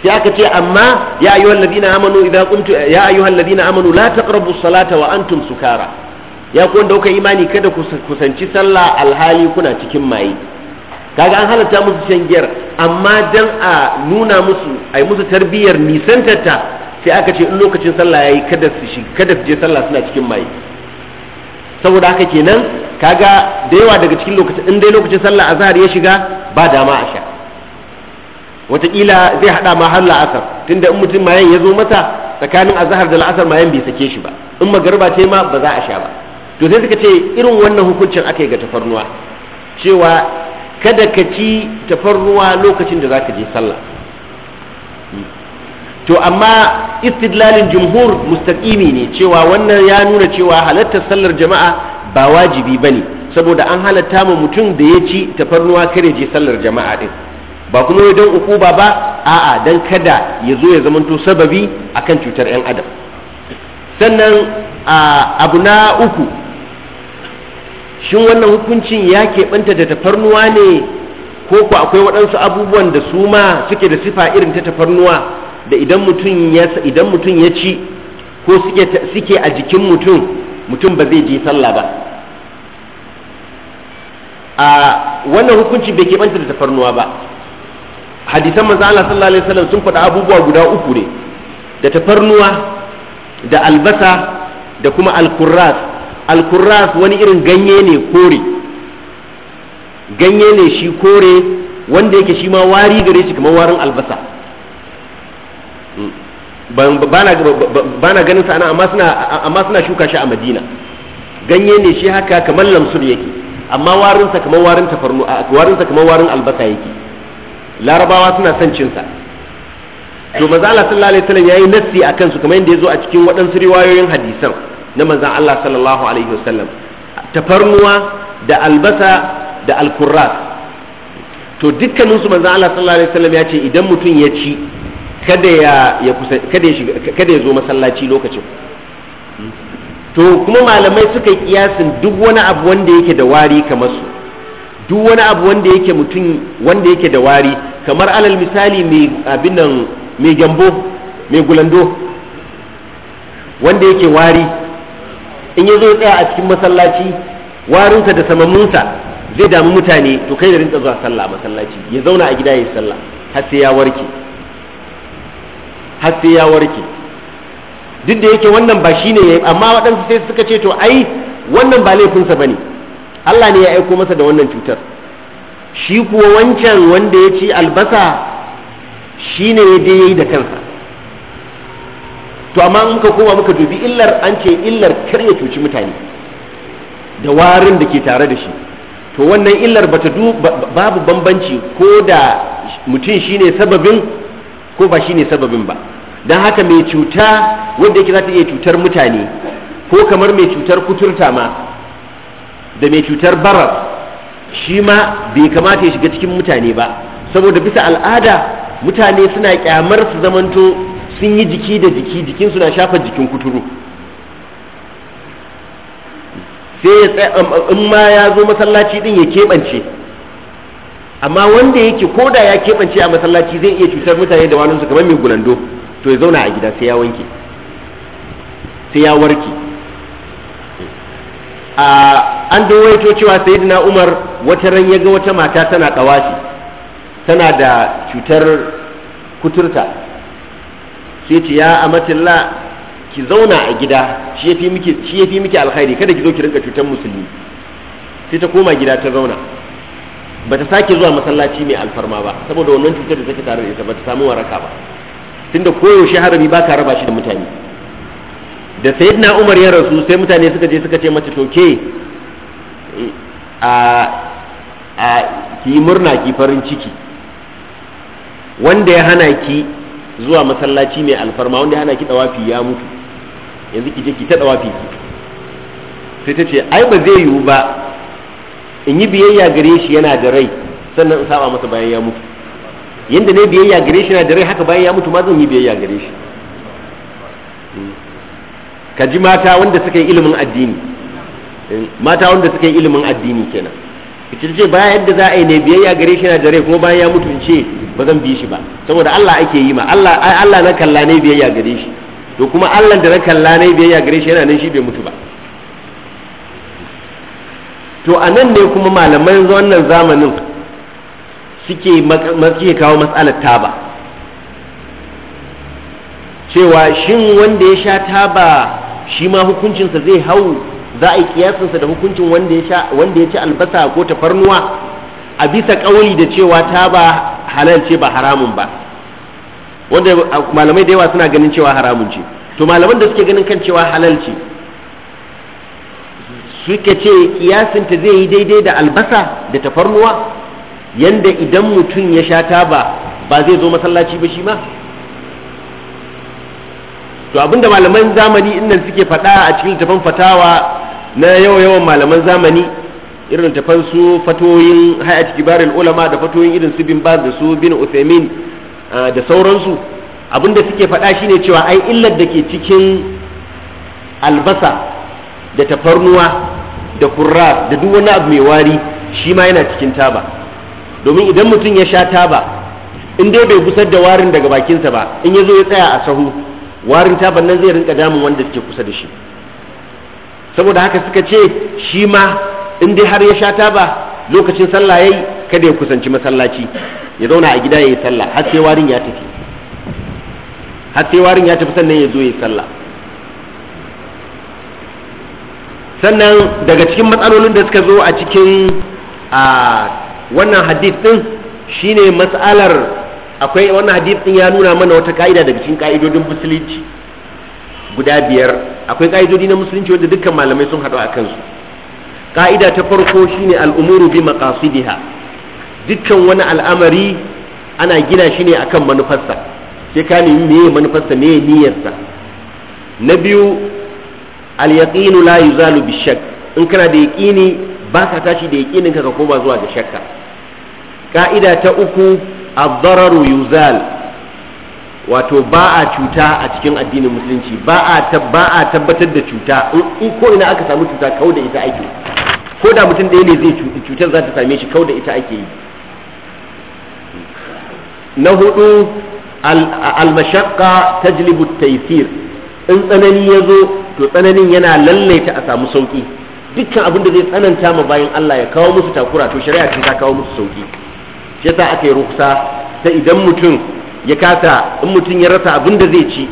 sai aka ce amma ya ayyuhal ladina amanu idza qumtu ya ayyuhal ladina amanu la taqrabu salata wa antum sukara ya ku wanda kuka imani kada ku kusanci sallah alhali kuna cikin maye kaga an halatta musu shan giyar amma dan a nuna musu ai musu tarbiyyar nisantarta sai aka ce in lokacin sallah yayi kada su shi kada su je sallah suna cikin mai saboda haka kenan kaga da yawa daga cikin lokacin in dai lokacin sallah azhar ya shiga ba dama a sha wataƙila zai haɗa ma har la'asar tunda in mutum mayan ya zo mata tsakanin azhar da la'asar mayan bai sake shi ba in magarba ce ma ba za a sha ba to sai suka ce irin wannan hukuncin aka yi ga tafarnuwa cewa kada ka ci tafarruwa lokacin da za ka je sallah to amma istidlalin jumhur mustaqimi ne cewa wannan ya nuna cewa halartar sallar jama'a ba wajibi ba ne saboda an halatta ma mutum da ya ci tafarnuwa ya je sallar jama'a din ba kuma ya don ukuba ba a'a dan kada ya zo ya zamanto sababi akan cutar 'yan adam sannan abu na uku shin wannan hukuncin ya keɓanta da tafarnuwa ne ko ku akwai waɗansu abubuwan da su ma suke da sifa irin ta tafarnuwa da idan mutum ya idan mutum ya ci ko suke suke a jikin mutum mutum ba zai je sallah ba a wannan hukunci bai keɓanta da tafarnuwa ba hadisan manzo Allah sallallahu alaihi wasallam sun faɗa abubuwa guda uku ne da tafarnuwa da albasa da kuma alkurras alkuras wani irin ganye ne kore ganye ne shi kore wanda yake shi ma wari gare shi kamar warin albasa ba na ganin sa'ana amma suna shuka shi a madina ganye ne shi haka kamar lamsur yake amma warinsa kamar warin tafarnu warinsa kamar warin albasa yake larabawa suna son cinsa to maza Allah sallallahu alaihi wasallam yayi nassi akan su kamar yadda yazo a cikin waɗansu riwayoyin hadisan na manzan Allah sallallahu alaihi wasallam tafarnuwa da albasa da alkurrat to dukkanin su manzan Allah sallallahu alaihi wasallam ya ce idan mutum ya ci kada ya kada ya shiga kada ya zo masallaci lokacin to kuma malamai suka yi kiyasin duk wani abu wanda yake da wari kamar su duk wani abu wanda yake mutum wanda yake da wari kamar alal misali mai abin nan mai gambo mai gulando wanda yake wari in ya zo tsaya a cikin masallaci warinsa da samamunsa zai damu mutane to kai da rinka zuwa sallah a masallaci ya zauna a gida ya sallah har sai ya warke har sai ya warke duk da yake wannan ba shine amma waɗansu sai suka ce to ai wannan ba laifinsa ba ne. Allah ne ya aiko masa da wannan cutar shi kuwa wancan wanda ya ci albasa shine ya dai yayi da kansa to amma muka koma muka dubi illar an ce illar karya cuci mutane da warin da ke tare da shi to wannan illar bata du babu bambanci ko da mutum shine sababin ko ba shine sababin ba don haka mai cuta wanda yake za ta iya cutar mutane ko kamar mai cutar kuturta ma da mai cutar barar shi ma bai kamata ya shiga cikin mutane ba saboda bisa al'ada mutane suna kyamar su zamanto sun yi jiki da jiki jikin suna shafa jikin kuturu sai ya tsaye in ma ya zo masallaci din ya keɓance amma wanda yake ko da ya keɓance a masallaci zai iya cutar mutane da walinsu kamar mai gulando to ya zauna a gida sai ya wanke sai ya warke an dawaito cewa sayyidina umar wata ran ya ga wata mata tana ɗawashi tana da cutar kuturta sai ce ya amatilla ki zauna a gida shi yafi miki shi yafi miki alkhairi kada ki zo ki rinka cutar musulmi sai ta koma gida ta zauna bata sake zuwa masallaci mai alfarma ba saboda wannan cutar da take tare da ita bata samu waraka ba tunda koyaushe harami baka raba shi da mutane da sayyidina umar ya rasu sai mutane suka je suka ce mata to ke a a ki murna ki farin ciki wanda ya hana ki zuwa masallaci mai alfarma wanda hana ki dawafi ya mutu yanzu ki je ki ta dawafi sai ta ce ai ba zai yiwu ba in yi biyayya gare shi yana da rai sannan in saba masa bayan ya mutu yanda ne biyayya gare shi yana da rai haka bayan ya mutu ma zan yi biyayya gare shi hmm. ka ji mata wanda suka yi ilimin addini hmm. mata wanda suka yi ilimin addini kenan ita ce ba yadda za a yi ne biyayya gare shi na rai kuma bayan ya mutu ce ba zan bi shi ba saboda Allah ake yi ma Allah Allah na kalla ne biyayya gare shi to kuma Allah da na kalla ne biyayya gare shi yana nan shi bai mutu ba to a nan ne kuma malaman wannan zamanin suke suke kawo matsalar taba cewa shin wanda ya sha taba shi ma hukuncinsa zai hau za a yi kiyasinsa da hukuncin wanda ya ci albasa ko tafarnuwa a bisa kauli da cewa ta ba halal ce ba haramun ba wanda malamai da yawa suna ganin cewa haramun ce to malaman da suke ganin kan cewa halal ce ce kiyasinta zai yi daidai da albasa da tafarnuwa yanda idan mutum ya sha taba ba zai zo masallaci ba shi ma to abinda malaman zamani nan suke faɗa a cikin littafin fatawa na yawa yawan malaman zamani irin tafan su fatoyin hayat kibarin ulama da fatoyin irin su bin baz da su bin uthaymin ah, da sauransu abinda suke faɗa shine cewa ai illar da ke cikin albasa da tafarnuwa da kurra da duk wani abu mai wari shi ma yana cikin taba domin idan mutum ya sha taba in dai bai kusar da warin daga bakinsa ba in ya zo ya tsaya a sahu warin taban nan zai rinka damun wanda suke kusa da shi saboda haka suka ce shi ma in dai har ya sha taba lokacin sallah yayi kada ya kusanci masallaci ya zauna a gida yayi sallah har sai warin ya tafi har sai warin ya tafi sannan ya zo yayi sallah sannan daga cikin matsalolin da suka zo a cikin a wannan hadith din shine matsalar akwai wannan hadith din ya nuna mana wata ka'ida daga cikin ka'idodin musulunci guda biyar akwai ka'idodi na musulunci wanda dukkan malamai sun haɗu a kansu ka'ida ta farko shine al'umuru bi maqasidiha dukkan wani al'amari ana gina shi ne akan manufarsa sai ka nemi meye manufarsa ya niyyarsa na biyu al yaqinu la yuzalu bi shakk in kana da yaqini ba ka tashi da yaqinin ka ka koma zuwa ga shakka ka'ida ta uku ad-dararu yuzal wato ba a cuta a cikin addinin musulunci ba a ba a tabbatar da cuta in ko ina aka samu cuta kawai da ita ake ko da mutum ɗaya ne zai cutar za ta same shi kawai da ita ake yi na hudu almashakka tajlibu taysir in tsanani ya zo to tsananin yana lallaita a samu sauki dukkan abin da zai tsananta ma bayan Allah ya kawo musu takura to shari'a ta kawo musu sauki shi yasa aka yi ruksa ta idan mutum ya kasa in mutum ya rasa abin da zai ci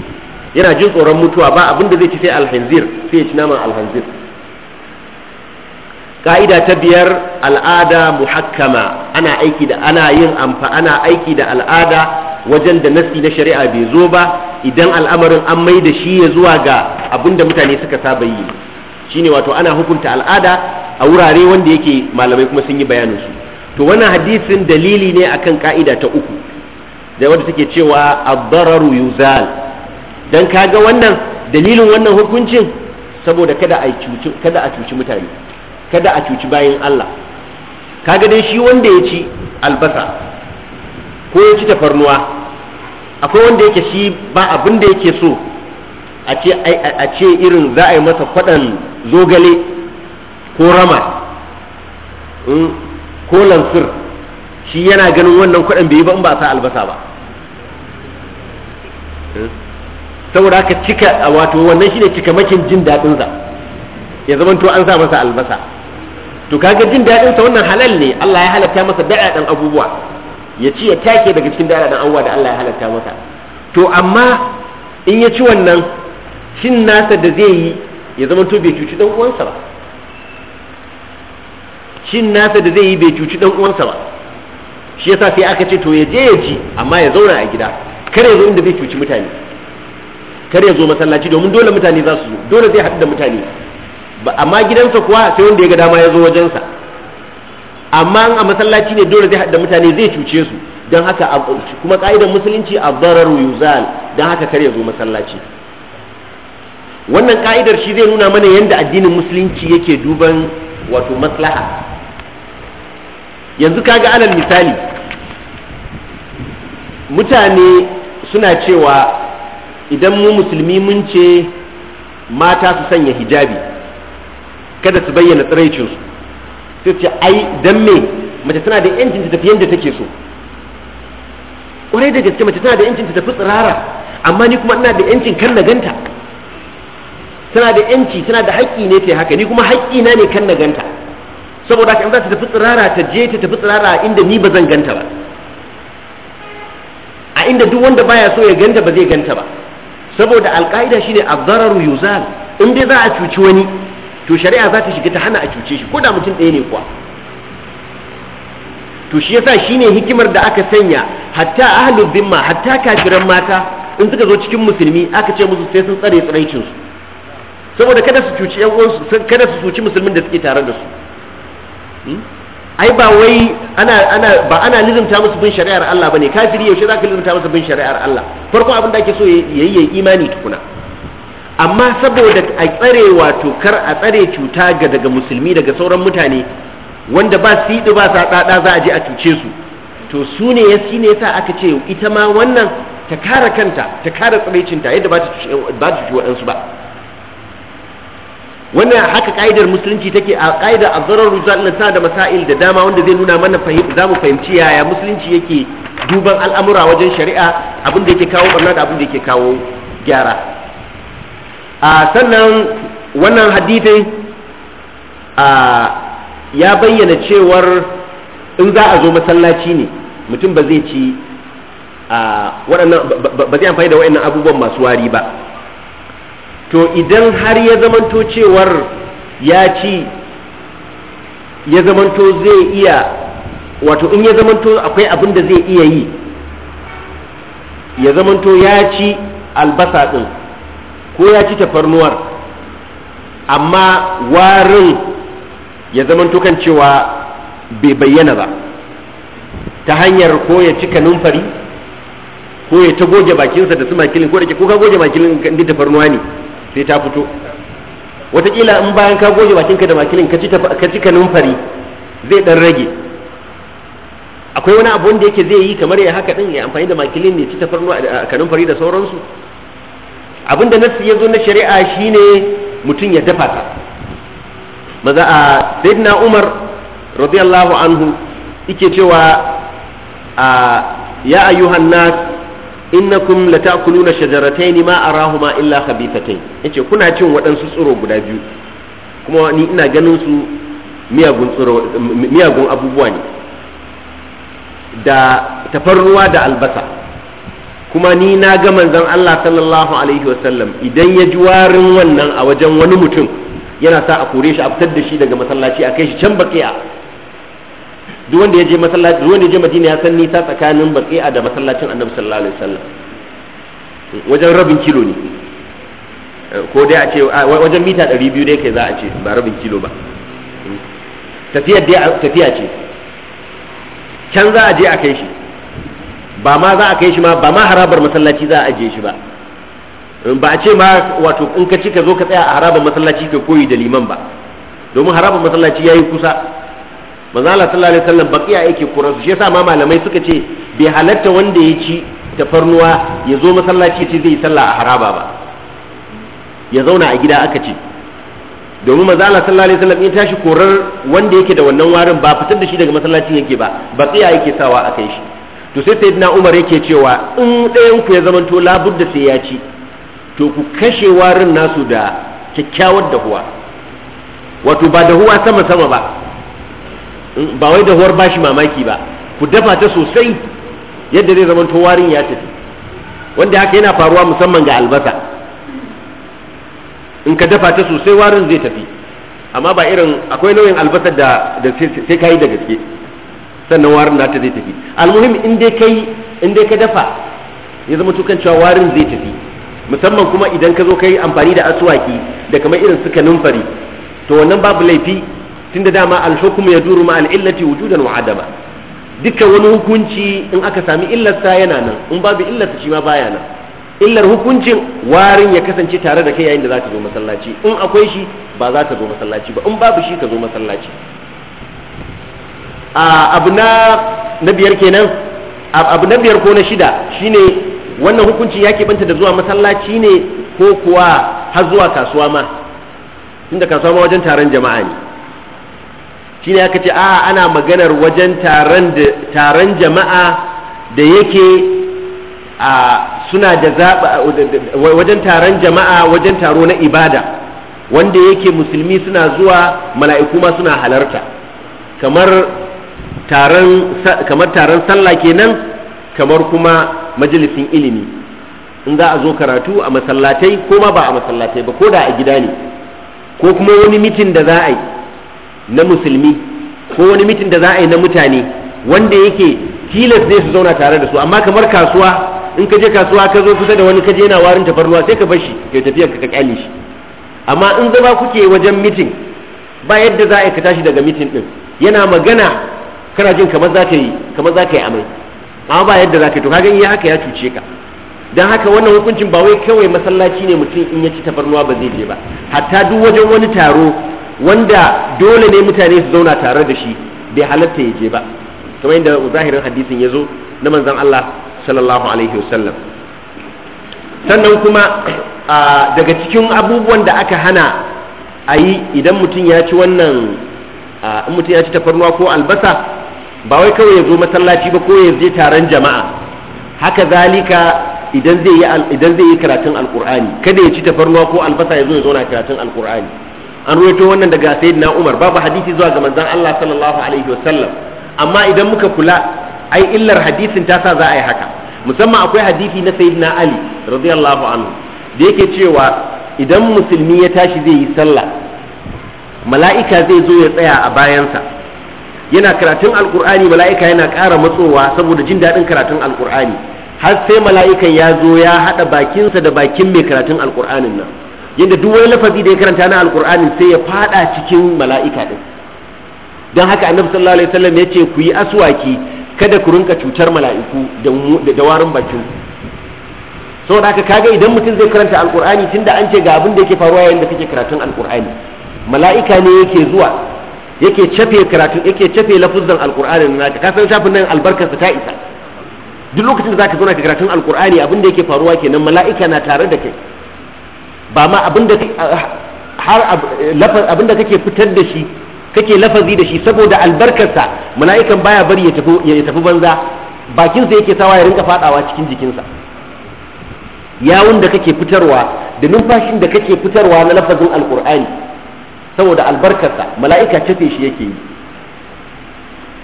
yana jin tsoron mutuwa ba abin da zai ci sai alhanzir sai ya ci naman alhanzir ka'ida ta biyar al'ada muhakkama ana aiki da ana yin amfa ana aiki da al'ada wajen da nasi na shari'a bai zo ba idan al'amarin an mai da shi ya zuwa ga abin da mutane suka saba yi shine wato ana hukunta al'ada a wurare wanda yake malamai kuma sun yi bayanin su to wannan hadisin dalili ne akan ka'ida ta uku da wanda take cewa ad-dararu yuzal dan kaga wannan dalilin wannan hukuncin saboda kada a cuci kada a cuci mutane kada a cuci bayin Allah kaga dai shi wanda ya ci albasa ko ya ci tafarnuwa akwai wanda yake shi ba abin da yake so a ce irin za a yi masa kwaɗan zogale ko rama hmm, ko lansir shi yana ganin wannan kuɗin bai yi ba in ba sa albasa ba saboda haka cika wato wannan shine cika makin jin daɗin sa ya zama to an sa masa albasa to kaga jin daɗin sa wannan halal ne Allah ya halatta masa daɗaɗan abubuwa ya ci ya take daga cikin daɗaɗan abubuwa da Allah ya halatta masa to amma in ya ci wannan cin nasa da zai yi ya zama to bai cuci dan uwansa ba cin nasa da zai yi bai cuci dan uwansa ba shi yasa sai aka ce to ya je ya ji, amma ya zauna a gida kar ya zo inda zai cuci mutane kar ya zo masallaci domin dole mutane za su zo dole zai haɗu da mutane amma gidansa kuwa sai wanda ya ga dama ya zo wajensa amma a masallaci ne dole zai haɗu da mutane zai cuce su don haka kuma ka'idar musulunci a barar yuzal don haka kar ya zo masallaci wannan ka'idar shi zai nuna mana yadda addinin musulunci yake duban wato maslaha yanzu kaga alal misali mutane suna cewa idan mu musulmi mun ce mata su sanya hijabi kada su bayyana tsiraicinsu sai ce ai dan me mace tana da yancin ta tafi yadda take so kwarai da gaske mace tana da yancin ta tafi tsirara amma ni kuma ina da yancin kan na ganta tana da yanci tana da haƙƙi ne ta haka ni kuma haƙƙi na ne kan na ganta saboda haka in za ta tafi tsirara ta je ta tafi tsirara inda ni ba zan ganta ba a inda duk wanda baya so ya ganta ba zai ganta ba saboda alƙa'ida shine a yuzal in dai za a cuci wani to shari'a za ta shiga ta hana a cuce shi ko da mutum ɗaya ne kuwa to shi yasa shine hikimar da aka sanya hatta ahlul dhimma hatta kafiran mata in suka zo cikin musulmi aka ce musu sai sun tsare tsiraicin su saboda kada su cuci ƴan uwansu kada su cuci musulmin da suke tare da su Hmm? ai ba wai ana ana ba ana lizumta musu bin shari'ar Allah bane kafiri yaushe zaka lizumta musu bin shari'ar Allah farko abin da ake so yayi yayi imani tukuna amma saboda a tsare wato kar a tsare cuta ga daga musulmi daga sauran mutane wanda ba su yi ba sa dada za a je a cuce su to su ne ya si ne yasa aka ce ita ma wannan ta kare kanta ta kare tsaraicinta yadda ba ta cuci waɗansu ba wannan haka ka'idar musulunci take a ka'idar abdurar ruzal na sa da masail da dama wanda zai nuna mana za mu fahimci yaya musulunci yake duban al'amura wajen shari'a abin da yake kawo barna da abin da yake kawo gyara a sannan wannan hadithin a ya bayyana cewar in za a zo masallaci ne mutum ba zai ci a waɗannan ba zai amfani da waɗannan abubuwan masu wari ba to idan har ya zamanto cewar ya ci ya zamanto zai iya wato in ya zamanto akwai abin da zai iya yi ya zamanto ya ci albasa ɗin ko ya ci tafarnuwar amma warin ya zamanto kan cewa bai bayyana ba ta hanyar ko ya cika numfari ko ya ta goge bakinsa da su makilin ko da ke ko ka goge makilin ɗin tafarnuwa ne sai ta fito watakila in bayan ka goge bakinka da makilin ka ci ka numfari zai dan rage akwai wani abu wanda yake zai yi kamar ya haka din ya amfani da makilin ne ci a ka numfari da sauransu abin da nassi ya zo na shari'a shine mutum ya dafa ta maza a sayyidina umar radiyallahu anhu yake cewa ya ayyuhan nas innakum latakuluna shajaratayn ma arahuma illa khabithatayn yace kuna cin waɗansu tsiro guda biyu kuma ni ina ganin su miyagun tsiro miyagun abubuwa ne da tafarnuwa da albasa kuma ni na ga manzon Allah sallallahu alaihi wasallam idan ya ji warin wannan a wajen wani mutum yana sa a kore shi a fitar da shi daga masallaci a kai shi can a. duk wanda ya je masallaci duk wanda ya je madina ya san nisa tsakanin baqi'a da masallacin annabi sallallahu alaihi wasallam wajen rabin kilo ne ko dai a ce wajen mita 200 dai kai za a ce ba rabin kilo ba tafiya dai tafiya ce can za a je a kai shi ba ma za a kai shi ma ba ma harabar masallaci za a ajiye shi ba ba a ce ma wato in ka ci ka zo ka tsaya a harabar masallaci ka koyi da liman ba domin harabar masallaci yayi kusa manzo Allah sallallahu alaihi wasallam bakiya yake kuransu shi yasa ma malamai suka ce bai halatta wanda ya ci tafarnuwa ya zo masallaci ya ce zai sallah a haraba ba ya zauna a gida aka ce domin manzo Allah sallallahu alaihi wasallam ya tashi korar wanda yake da wannan warin ba fitar da shi daga masallacin yake ba bakiya yake sawa a kai shi to sai sayyidina Umar yake cewa in ɗayan ku ya zamanto labudda sai ya ci to ku kashe warin nasu da kyakkyawar dahuwa wato ba dahuwa sama sama ba ba wai dahuwar bashi mamaki ba ku dafa ta sosai yadda zai zama warin ya tafi wanda haka yana faruwa musamman ga albasa in ka dafa ta sosai warin zai tafi amma ba irin akwai nau'in albasa da sai ka yi da gaske sannan warin ta zai tafi almuhim in dai kai in dai ka dafa ya zama tukan cewa warin zai tafi musamman kuma idan ka zo ka yi amfani da asuwaki da kamar irin suka numfari to wannan babu laifi tunda dama al ya yaduru ma al wujudan wa adama dukkan wani hukunci in aka sami illarsa yana nan in babu illarsa shi ma baya nan illar hukuncin warin ya kasance tare da kai yayin da zaka zo masallaci in akwai shi ba za ka zo masallaci ba in babu shi ka zo masallaci abu na na kenan abu na biyar ko na shida shine wannan hukuncin ya banta da zuwa masallaci ne ko kuwa har zuwa kasuwa ma tunda kasuwa ma wajen taron jama'a ne ne aka ce a ana maganar wajen taron jama'a da yake a suna da zaɓa wajen taron jama'a wajen taro na ibada wanda yake musulmi suna zuwa mala'iku ma suna halarta kamar taron kamar taron sallah kenan kamar kuma majalisin ilimi in za a zo karatu a masallatai ko ma ba a masallatai ba ko da a gida ne ko kuma wani mitin da za a yi na musulmi ko wani mitin da za a yi na mutane wanda yake tilas zai su zauna tare da su amma kamar kasuwa in ka je kasuwa ka zo kusa da wani ka je yana warin tafarnuwa sai ka bar shi kai tafiyar ka ka kyale shi amma in zama kuke wajen mitin ba yadda za a yi ka tashi daga mitin din yana magana kana jin kamar za ka yi kamar za ka yi amai amma ba yadda za ka yi to kaga in ya haka ya cuce ka dan haka wannan hukuncin ba wai kawai masallaci ne mutum in ya ci tafarnuwa ba zai je ba hatta duk wajen wani taro wanda dole ne mutane su zauna tare da shi bai halatta ya je ba kamar yadda zahirin hadisin ya zo na manzan Allah sallallahu alaihi wasallam sannan kuma daga cikin abubuwan da aka hana a yi idan mutum ya ci wannan in mutum ya ci tafarnuwa ko albasa ba wai kawai ya zo masallaci ba ko ya je taron jama'a haka zalika idan zai yi karatun alkur'ani kada ya ci tafarnuwa ko albasa ya zo ya zauna karatun alkur'ani an ruwaito wannan daga sayyidina Umar babu hadisi zuwa ga manzon Allah sallallahu alaihi wasallam amma idan muka kula ai illar hadisin ta sa za a yi haka musamman akwai hadisi na sayyidina Ali radiyallahu anhu da yake cewa idan musulmi ya tashi zai yi sallah mala'ika zai zo ya tsaya a bayansa yana karatun alkur'ani mala'ika yana ƙara matsowa saboda jin daɗin karatun alkur'ani har sai mala'ikan ya zo ya haɗa bakinsa da bakin mai karatun alkur'anin nan yadda duk wani lafazi da ya karanta na alkur'ani sai ya fada cikin mala'ika din don haka annabi sallallahu alaihi wasallam ya ce ku yi aswaki kada ku rinka cutar mala'iku da warin bakin saboda haka kaga idan mutum zai karanta alkur'ani tunda an ce ga abin da yake faruwa yayin da kake karatun alkur'ani mala'ika ne yake zuwa yake cafe karatun yake cafe lafuzan alkur'ani na ka san shafin nan albarkarsa ta isa duk lokacin da zaka zo ka karatun alkur'ani abin da yake faruwa kenan mala'ika na tare da kai ba ma abinda har abinda kake fitar da shi kake lafazi da shi saboda albarkarsa mala'ikan baya bari ya tafi ya tafi banza bakinsa yake sawa ya rinka fadawa cikin jikinsa yawun da kake fitarwa da numfashin da kake fitarwa na lafazin alkur'ani saboda albarkarsa mala'ika cafe shi yake yi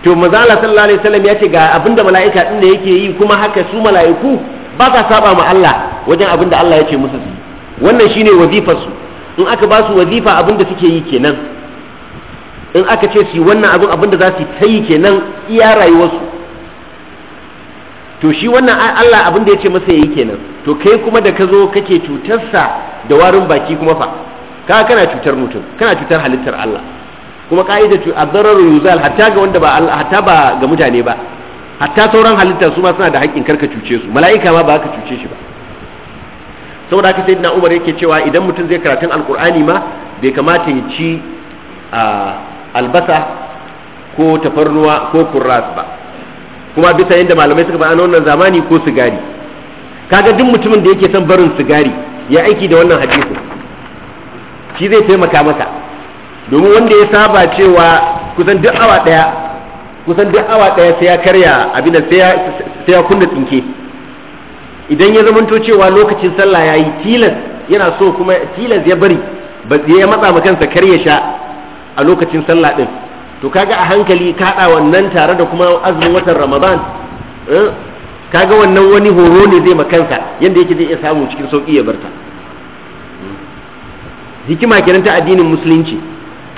to maza Allah sallallahu alaihi wasallam ya ce ga abinda mala'ika din da yake yi kuma haka su mala'iku ba sa saba ma Allah wajen abinda Allah ya ce musu su wannan shine wazifarsu in aka ba su wazifa abin suke yi kenan in aka ce su wannan abin abin za su ta yi kenan iya rayuwarsu to shi wannan Allah abin ya ce masa yi kenan to kai kuma da ka zo kake cutarsa da warin baki kuma fa ka kana cutar mutum kana cutar halittar Allah kuma ka'ida ce cutar yuzal hatta ga wanda ba Allah hatta ba ga mutane ba hatta sauran halittar su ma suna da haƙƙin karka cuce su mala'ika ma ba ka cuce shi ba saboda haka sai Umar yake cewa idan mutum zai karatun alkur'ani ma bai kamata ya ci albasa ko tafarnuwa ko kurras ba kuma bisa yadda malamai suka a wannan zamani ko sigari kaga duk mutumin da yake son barin sigari ya aiki da wannan hadisin shi zai taimaka masa domin wanda ya saba cewa kusan duk awa daya kusan duk awa daya sai ya karya abin sai ya kunna tsinke idan ya zamanto cewa lokacin sallah ya yi tilas yana so kuma tilas ya bari ba ya matsa ma kansa kar ya sha a lokacin sallah din to kaga a hankali ka wannan tare da kuma azumin watan ramadan eh, kaga wannan wani horo ne zai ma kansa yanda yake zai iya samu cikin sauki ya barta hikima kenan ta addinin musulunci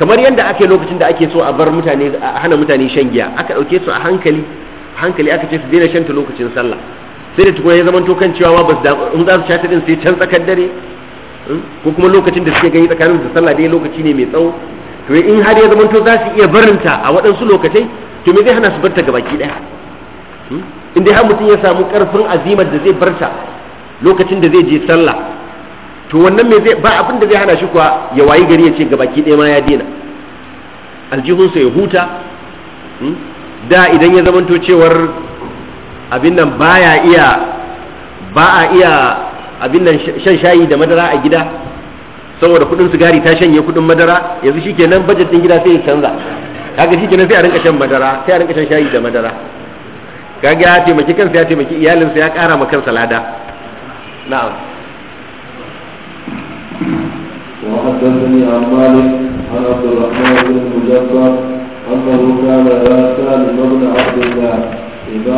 kamar yadda ake lokacin da ake so a bar mutane a hana mutane shan giya aka dauke su a hankali hankali aka ce su daina shanta lokacin sallah sai da tukuna ya zamanto kan cewa ma ba su damu za su shata din sai can tsakar dare hmm? ko kuma lokacin da suke gani tsakanin da sallah dai lokaci ne mai tsawo to in har ya zamanto za su iya barinta a waɗansu lokacai to me zai hana su barta gabaki ɗaya hmm? in dai har mutum ya samu ƙarfin azimar da zai barta lokacin da zai je sallah to wannan me zai ba abin da zai hana shi kuwa ya wayi gari ya ce gabaki ɗaya ma ya daina aljihunsa ya huta hmm? da idan ya zamanto cewar abin nan baya iya ba a iya abin nan shan shayi da madara a gida saboda kudin sigari ta shanye kudin madara yanzu shikenan budget din gida sai ya canza kaga shikenan sai a rinka shan madara sai a rinka shan shayi da madara kaga ya taimaki kansa ya taimaki iyalinsa ya kara ma kansa lada na'am وحدثني عن مالك عن عبد الرحمن بن مجبر انه كان لا يسال بن عبد الله imam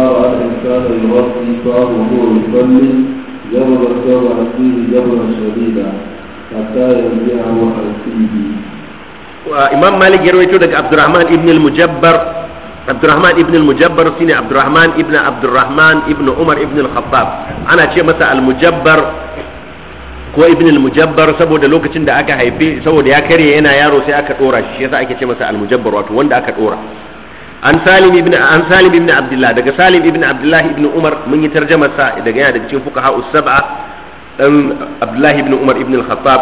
malik ya ryayyato daga abdulrahman ibn al-mujabbar abdulrahman ibn al-mujabbar suna abdulrahman ibn abdulrahman ibn umar ibn al-khabab ana ce masa al-mujabbar ko ibn al-mujabbar saboda lokacin da aka haife saboda ya karye yana yaro sai aka ɗora shi yasa ake ce masa al-mujabbar wato wanda aka ɗora. an salim ibn an salim ibn abdullah daga salim ibn abdullah ibn umar mun yi tarjamar sa daga yana daga cikin fuqaha us dan abdullah ibn umar ibn al-khattab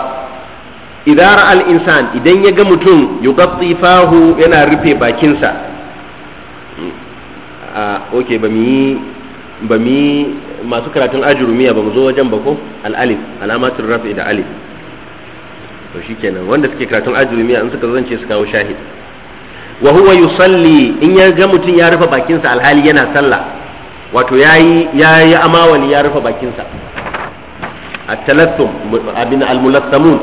idan al insan idan ya ga mutum yughatti fahu yana rufe bakinsa hmm. a ah, okay ba mi ba mi masu karatun ajurumiya ba mu zo wajen ba ko al-alif alamatul raf'i da alif to shikenan wanda suke karatun ajurumiya in suka zance su kawo shahid wa huwa yusalli in ya ga mutum ya rufe bakinsa alhali yana sallah wato yayi yayi amawali ya rufe bakinsa at-talassum abin al-mulassamun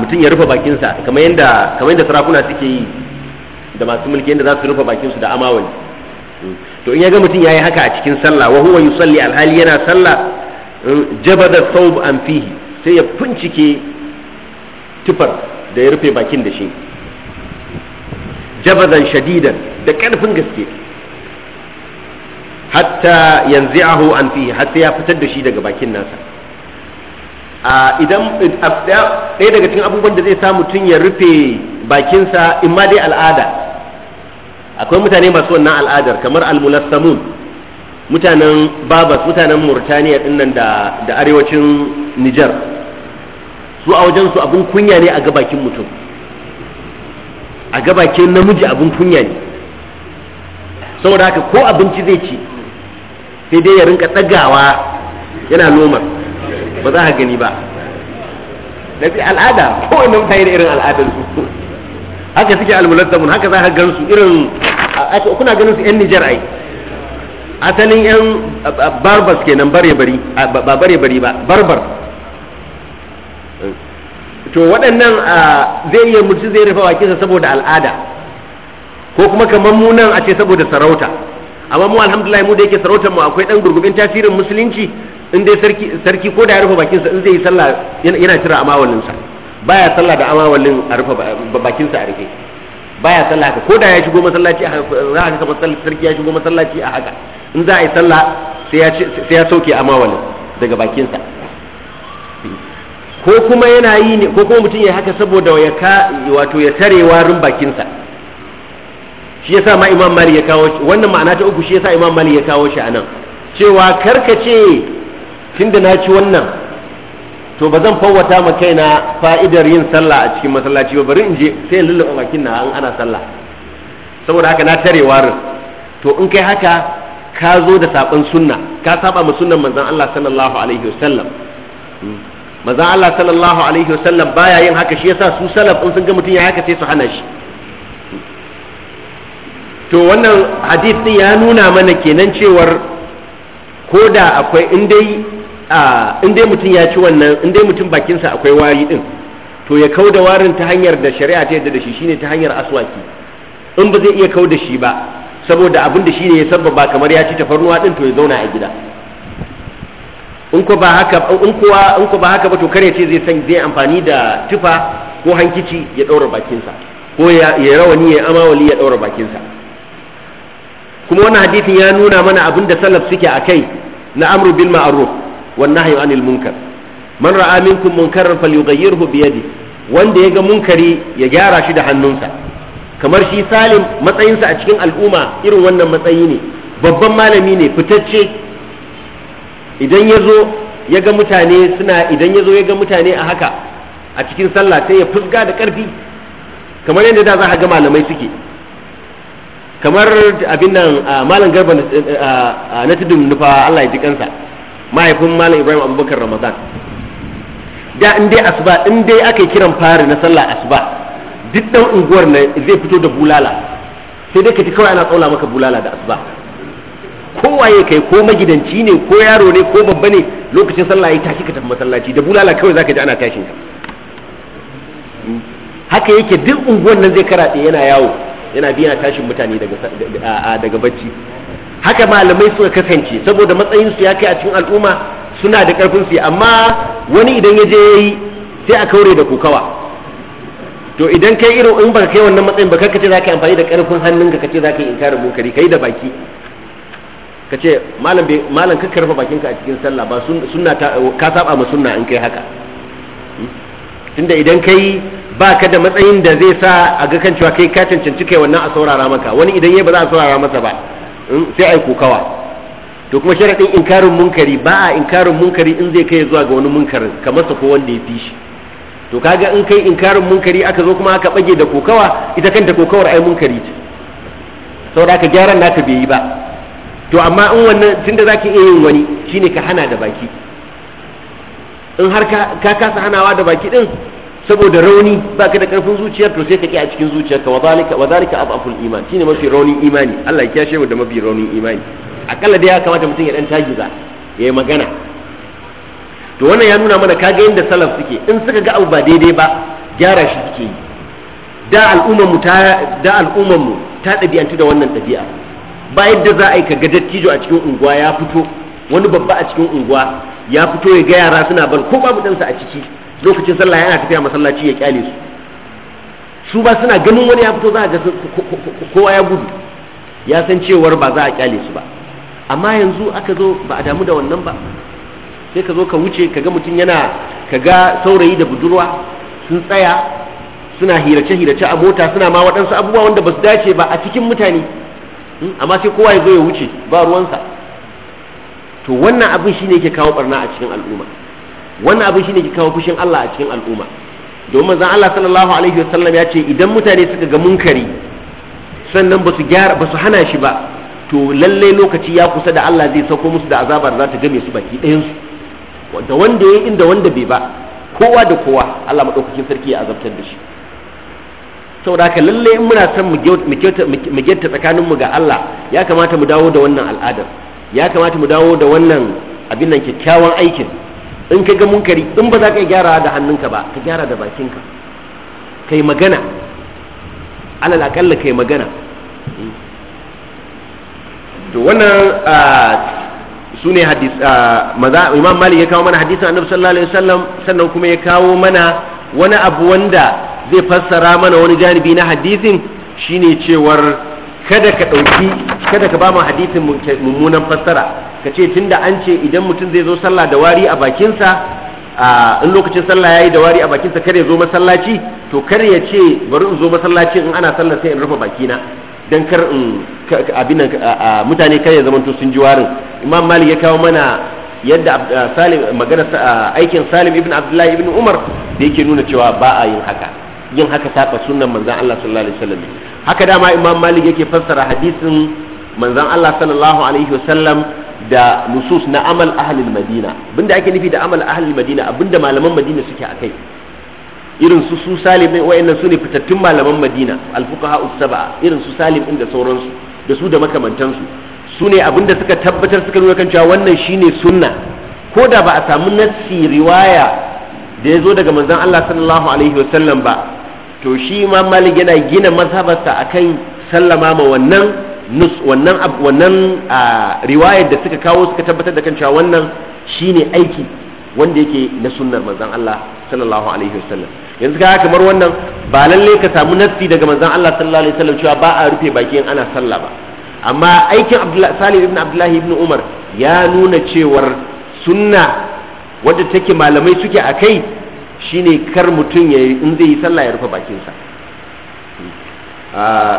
mutum ya rufe bakinsa kamar yadda kamar yadda sarakuna suke yi da masu mulki yadda za su rufe bakinsu da amawali mm. to in ya ga mutum yayi haka a cikin sallah wa huwa yusalli alhali yana sallah mm, jabada thawb an fihi sai ya fincike tufar da ya rufe bakin da shi jabadan shadidan da ƙarfin gaske hatta yanzi'ahu an fi hatta ya fitar da shi daga bakin nasa a idan ɗaya daga cikin abubuwan da zai sa mutum ya rufe bakinsa in ma dai al'ada akwai mutane masu wannan al'adar kamar al-mulassamun mutanen babas mutanen murtaniya nan da arewacin nijar su a wajen su abin kunya ne a ga bakin mutum a ga bakin namiji abin kunya ne saboda haka ko abinci zai ci sai dai ya rinka tsagawa yana noma ba za ka gani ba da fi al'ada ko wanda mutane da irin al'adar su haka suke almulattamun haka za ka gan su irin kuna ganin su yan Nijar ai asalin yan barbas kenan bare bari ba bare bari ba barbar to waɗannan zai iya mutu zai rufe bakinsa saboda al'ada ko kuma kamar mu nan a ce saboda sarauta amma mu alhamdulillah mu da yake sarautar mu akwai dan gurgubin tasirin musulunci in dai sarki sarki ko da ya rufe bakinsa in zai yi sallah yana cire amawalin sa baya sallah da amawalin a rufe bakinsa a rufe baya sallah haka ko da ya shigo masallaci a za a ga sarki ya shigo masallaci a haka in za a yi sallah sai ya sai ya sauke amawalin daga bakinsa ko kuma yana yi ne ko kuma mutum ya haka saboda ya ka wato ya tare warin bakinsa shi yasa ma imam mali ya kawo wannan ma'ana ta uku shi yasa imam mali ya kawo shi anan cewa karkace tunda na ci wannan to ba zan fawwata ma kaina fa'idar yin sallah a cikin masallaci ba bari in je sai in lulluɓa bakin na an ana sallah saboda haka na tare warin to in kai haka ka zo da sabon sunna ka saba ma sunnan manzon Allah sallallahu alaihi wasallam hmm. maza Allah sallallahu alaihi wasallam baya yin haka shi yasa su salaf in sun ga mutum ya haka sai su hana shi to wannan hadith din ya nuna mana kenan cewar koda da akwai in dai in mutum ya ci wannan in dai mutum bakinsa akwai wari din to ya kauda warin ta hanyar da shari'a ta yadda da shi shine ta hanyar aswaki in ba zai iya kauda shi ba saboda abin da shine ya sabbaba kamar ya ci tafarnuwa din to ya zauna a gida in ko ba haka in kuwa in ko ba haka ba to kare ce zai san zai amfani da tufa ko hankici ya daura bakinsa ko ya ya rawani ya amawali ya daura bakinsa kuma wannan hadisin ya nuna mana abin da salaf suke akai na amru bil ma'ruf wan nahyi anil munkar man ra'a minkum munkaran falyughayyirhu bi yadihi wanda ya ga munkari ya gyara shi da hannunsa kamar shi salim matsayinsa a cikin al'umma irin wannan matsayi ne babban malami ne fitacce idan ya zo ya ga mutane suna idan ya zo ya ga mutane a haka a cikin sallah sai ya fusga da ƙarfi kamar yadda da za a ga malamai suke kamar abin nan malam garba na tudun nufa Allah ya ji kansa mahaifin malam Ibrahim Abubakar Ramadan da in dai asuba in dai aka yi kiran fari na sallah asuba duk dan unguwar na zai fito da bulala sai dai ka ji kawai ana tsaula maka bulala da asuba kowaye kai ko magidanci ne ko yaro ne ko babba ne lokacin sallah ya tashi ka tafi masallaci da bulala kawai zaka ji ana tashin ka haka yake duk unguwan nan zai karaɗe yana yawo yana biya tashin mutane daga daga bacci haka malamai suka kasance saboda matsayin su ya kai a cikin al'umma suna da karfin su amma wani idan ya je yayi sai a kaure da kokawa to idan kai irin in baka kai wannan matsayin ba ka ce zaka yi amfani da karfin hannunka ka za zaka yi inkarin munkari kai da baki ka ce malam bai malam ka karfa bakinka a cikin sallah ba sunna ka saba ma sunna in kai haka hmm? tunda idan kai ba ka da matsayin da zai sa a ga kan cewa kai ka cancanci kai wannan a saurara maka wani idan ya ba za a saurara masa ba hmm? sai ai kokawa to kuma sharadin inkarin munkari ba a inkarin munkari in zai kai zuwa ga wani munkarin kamar sa ko wanda ya fi shi to kaga in kai inkarin munkari aka zo kuma aka bage da kokawa ita kanta kokawar ai munkari ce saboda ka gyaran naka bai yi ba to amma in wannan tunda zaka iya yin wani shine ka hana da baki in har ka kasa hanawa da baki din saboda rauni baka da karfin zuciyar to sai ka ki a cikin zuciyarka wa zalika wa zalika iman shine mafi raunin imani Allah ya kiyashe mu da mafi raunin imani akalla dai ya kamata mutum ya dan ya yayi magana to wannan ya nuna mana kaga yadda salaf suke in suka ga abu ba daidai ba gyara shi suke yi da al'ummar mu ta da al'ummar mu ta dabi'antu da wannan dabi'a ba yadda za a yi ka ga dattijo a cikin unguwa ya fito wani babba a cikin unguwa ya fito ya ga yara suna bar ko babu ɗansa a ciki lokacin sallah yana tafiya masallaci ya kyale su su ba suna ganin wani ya fito za a ga kowa ya gudu ya san cewar ba za a kyale su ba amma yanzu aka zo ba a damu da wannan ba sai ka zo ka wuce ka ga mutum yana ka ga saurayi da budurwa sun tsaya suna hirace-hirace a mota suna ma waɗansu abubuwa wanda ba su dace ba a cikin mutane Hmm? amma sai kowa ya zo ya wuce ba ruwansa to wannan abin shine yake kawo barna a cikin al'umma wannan abin shine yake kawo fushin Allah a cikin al'umma domin manzon Allah sallallahu alaihi wasallam ya ce idan mutane suka ga munkari sannan ba su gyara ba su hana shi ba to lallai lokaci ya kusa da Allah zai sauko musu da azabar za ta game su baki ɗayan su da wanda ya inda wanda bai ba kowa da kowa Allah madaukakin sarki ya azabtar da shi saboda haka lalle in muna son mu gyata tsakanin mu ga Allah ya kamata mu dawo da wannan al'adar ya kamata mu dawo da wannan abin nan kyakkyawan aikin in ka ga munkari in ba za ka gyara da hannunka ba ka gyara da bakinka kai magana alal akalla kai magana hmm. to wannan sune hadis maza imam malik ya kawo mana hadisin annabi sallallahu alaihi wasallam sannan kuma ya kawo mana wani abu wanda zai fassara mana wani janibi na hadisin shine cewar kada ka ɗauki kada ka ba mu hadisin mummunan fassara ka ce tunda an ce idan mutum zai zo sallah da wari a bakinsa in lokacin sallah ya yi da wari a bakinsa kada ya zo masallaci to kar ya ce bari in zo masallaci in ana sallah sai in rufe bakina dan kar in abin mutane kar ya zamanto sun ji warin imam malik ya kawo mana yadda salim magana aikin salim ibn abdullahi ibn umar da yake nuna cewa ba a yin haka yin haka saba sunan manzan Allah sallallahu alaihi wasallam haka dama imam malik yake fassara hadisin manzan Allah sallallahu alaihi wasallam da nusus na amal ahlul madina abinda ake nufi da amal ahlul madina abinda malaman madina suke akai irin su su salim din wayannan su ne fitattun malaman madina alfuqaha usaba irin su salim din da sauransu da su da makamantansu su ne abinda suka tabbatar suka nuna kan cewa wannan shine sunna ko da ba a samu nassi riwaya da ya zo daga manzon Allah sallallahu alaihi wasallam ba to shi ma malik yana gina mazhabarsa akan sallama ma wannan nus wannan wannan riwayar da suka kawo suka tabbatar da kan cewa wannan shine aiki wanda yake na sunnar manzon Allah sallallahu alaihi wasallam yanzu ka kamar wannan ba lalle ka samu nassi daga manzon Allah sallallahu alaihi wasallam cewa ba a rufe baki ana sallah ba amma aikin Salih ibn Abdullahi ibn Umar ya nuna cewar sunna wadda take malamai suke akai shine kar mutum ya in zai yi sallah ya rufe bakinsa ah,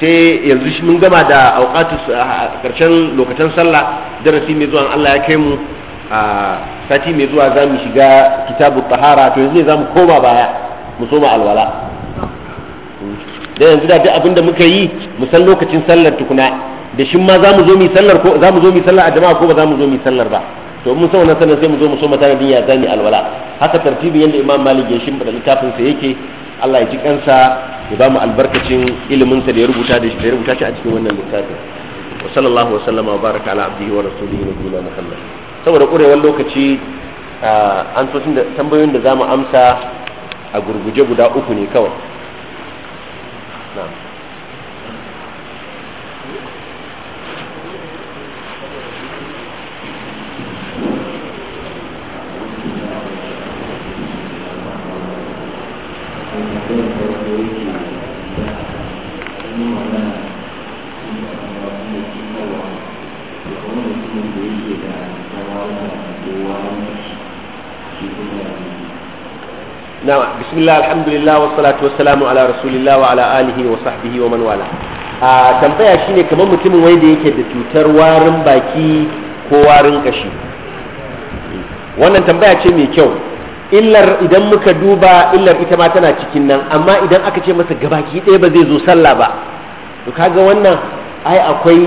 sai yanzu shi mun gama da a ah, karshen lokacin sallah darasi mai zuwa Allah ya kai mu a ah, sati mai zuwa za mu shiga kitabu tahara to yanzu ne za mu koma baya mu soma alwala da yanzu da duk abinda muka yi mu san lokacin sallar tukuna da shin ma za mu zo mu sallar ko za mu zo mu sallar a jama'a ko ba za mu zo mu sallar ba to mun san wannan sanin sai mu zo mu so mata din ya zani alwala haka tartibin yanda imam malik ya shimfida littafin sa yake Allah ya ji kansa ya ba mu albarkacin ilimin sa da ya rubuta da ya rubuta shi a cikin wannan littafin wa sallallahu wa sallama wa baraka ala abdihi wa rasulihi nabiyina muhammad saboda kurewar lokaci an so da tambayoyin da zamu amsa a gurguje guda uku ne kawai na'am بسم الله الحمد tambaya shine kamar mutumin wai da yake da cutar warin baki ko warin kashi wannan tambaya ce mai kyau illar idan muka duba illar ita ma tana cikin nan amma idan aka ce masa gabaki ɗaya ba zai zo sallah ba to kaga wannan ai akwai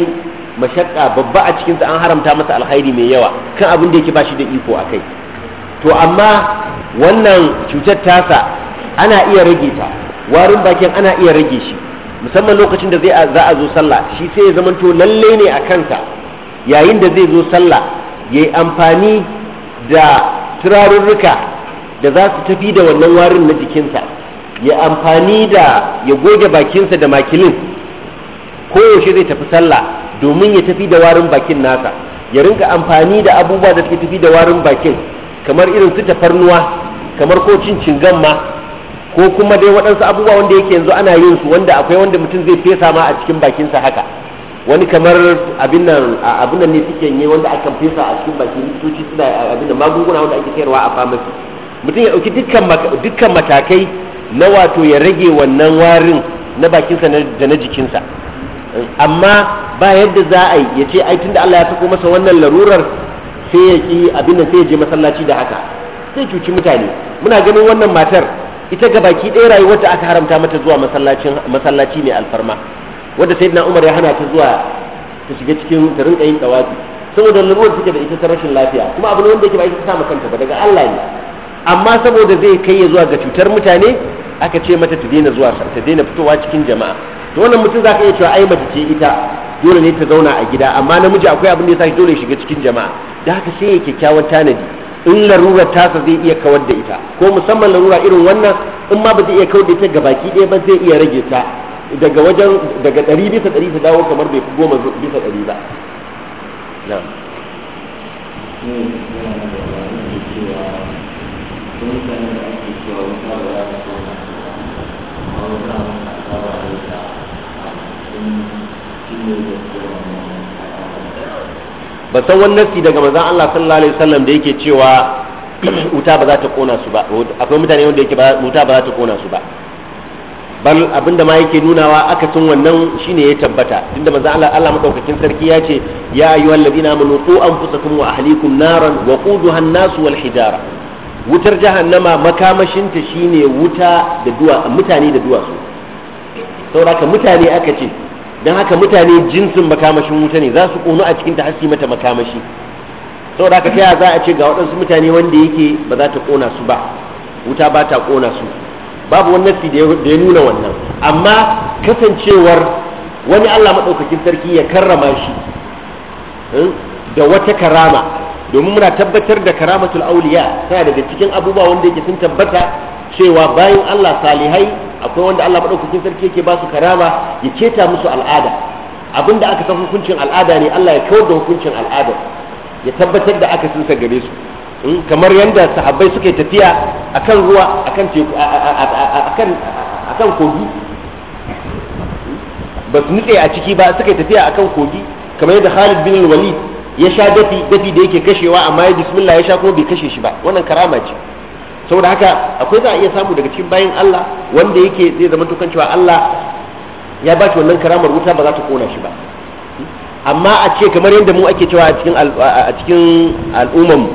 mashakka babba a cikinsa an haramta masa alkhairi mai yawa kan abin da yake ba shi da iko a kai to amma wannan cutar tasa ana iya rage ta warin bakin ana iya rage shi musamman lokacin da zai za a zo sallah shi sai ya zamanto lalle ne a kanta, yayin da zai zo sallah ya yi amfani da turarurruka da za su tafi da wannan warin na jikinsa ya amfani da ya goge bakinsa da makilin koyaushe zai tafi sallah domin ya tafi da warin bakin nasa ya rinka amfani da abubuwa da suke tafi da warin bakin kamar irin su tafarnuwa kamar ko cincin gamma ko kuma dai waɗansu abubuwa wanda yake yanzu ana yin su wanda akwai wanda mutum zai fesa ma a cikin bakinsa haka wani kamar abin nan abin nan ne suke yi wanda akan fesa a cikin bakin tuci suna abin nan magunguna wanda ake sayarwa a famasi mutum ya ɗauki dukkan matakai na wato ya rage wannan warin na bakinsa da na jikinsa amma ba yadda za a yi ya ce ai tunda Allah ya tako masa wannan larurar sai ya ki abin nan sai ya je masallaci da haka sai cuci mutane muna ganin wannan matar ita ga baki ɗaya rayuwar ta aka haramta mata zuwa masallacin masallaci mai alfarma wanda sayyidina Umar ya hana ta zuwa ta shiga cikin ta rinka yin tawafi saboda lalurar take da ita ta rashin lafiya kuma abin wanda yake ba ita ta kanta ba daga Allah ne amma saboda zai kai ya zuwa ga cutar mutane aka ce mata ta daina zuwa ta daina fitowa cikin jama'a to wannan mutum zaka iya cewa ai mace ce ita dole ne ta zauna a gida amma namiji akwai abin da ya sa dole shiga cikin jama'a da haka sai ya kyakkyawan tanadi in ta tasa zai iya kawar da ita ko musamman larura irin wannan in ma ba zai iya kawar da ita gabaki ɗaya ba zai iya rage ta daga wajen daga ɗari bisa ɗari ta dawo kamar bai fi goma bisa ɗari ba na'am hmm, ba san wani nasi daga mazan Allah sallallahu alaihi wasallam da yake cewa wuta ba za ta kona su ba akwai mutane wanda yake wuta ba za ta kona su ba bal abinda ma yake nunawa akasin wannan shine ya tabbata tunda mazan Allah Allah madaukakin sarki ya ce ya ayyuhallazina amanu qu anfusakum wa ahlikum naran wa quduha an nasu wal hijara wutar jahannama makamashinta shine wuta da duwa mutane da duwatsu sauraka mutane aka ce don haka mutane jinsin makamashin wuta ne za su ƙonu a cikin ta mata makamashi sauraka ta za a ce ga waɗansu mutane wanda yake ba za ta ƙona su ba wuta ba ta ƙona su babu wani nafi da ya nuna wannan amma kasancewar wani allah maɗaukakin sarki ya karrama shi hmm, da wata karama domin muna tabbatar da karamatul auliya tana daga cikin abubuwa wanda yake sun tabbata cewa bayan Allah salihai akwai wanda Allah madaukakin sarki yake ba su karama ya keta musu al'ada abinda aka san hukuncin al'ada ne Allah ya kawar da hukuncin al'ada ya tabbatar da aka sunsa gare su hmm, kamar yadda sahabbai suka tafiya akan ruwa akan teku akan akan kogi hmm, ba su nutse a ciki ba suka tafiya akan kogi kamar yadda Khalid bin Walid ya sha dafi dafi da yake kashewa amma ya bismillah ya sha kuma bai kashe shi ba wannan karama ce saboda haka akwai za a iya samu daga cikin bayan Allah wanda yake zai zama tukan cewa Allah ya ba shi wannan karamar wuta ba za ta kona shi ba amma a ce kamar yadda mu ake cewa a cikin al'ummar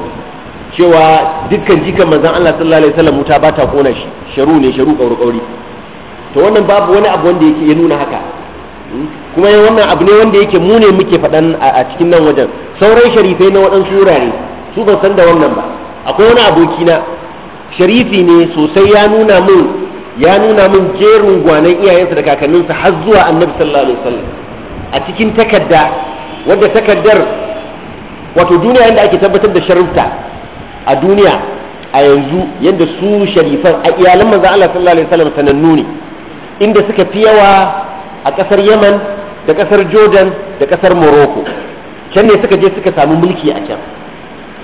cewa dukkan jikan manzon Allah sallallahu alaihi wasallam wuta ba ta kona shi sharu ne sharu kauri kauri to wannan babu wani abu wanda yake ya nuna haka kuma yin wannan abu ne wanda yake mu ne muke faɗan a cikin nan wajen sauran sharifai na waɗansu wurare su ban san da wannan ba akwai wani abokina sharifi ne sosai ya nuna min ya nuna min jerin gwanan iyayensa da kakanninsa har zuwa annabi sallallahu alaihi wasallam a cikin takarda wadda takardar wato duniya yadda ake tabbatar da sharifta a duniya a yanzu yadda su sharifan a iyalan manzo Allah sallallahu alaihi wasallam sanannu ne inda suka fi yawa a ƙasar yaman da ƙasar jordan da ƙasar morocco can ne suka je suka samu mulki a can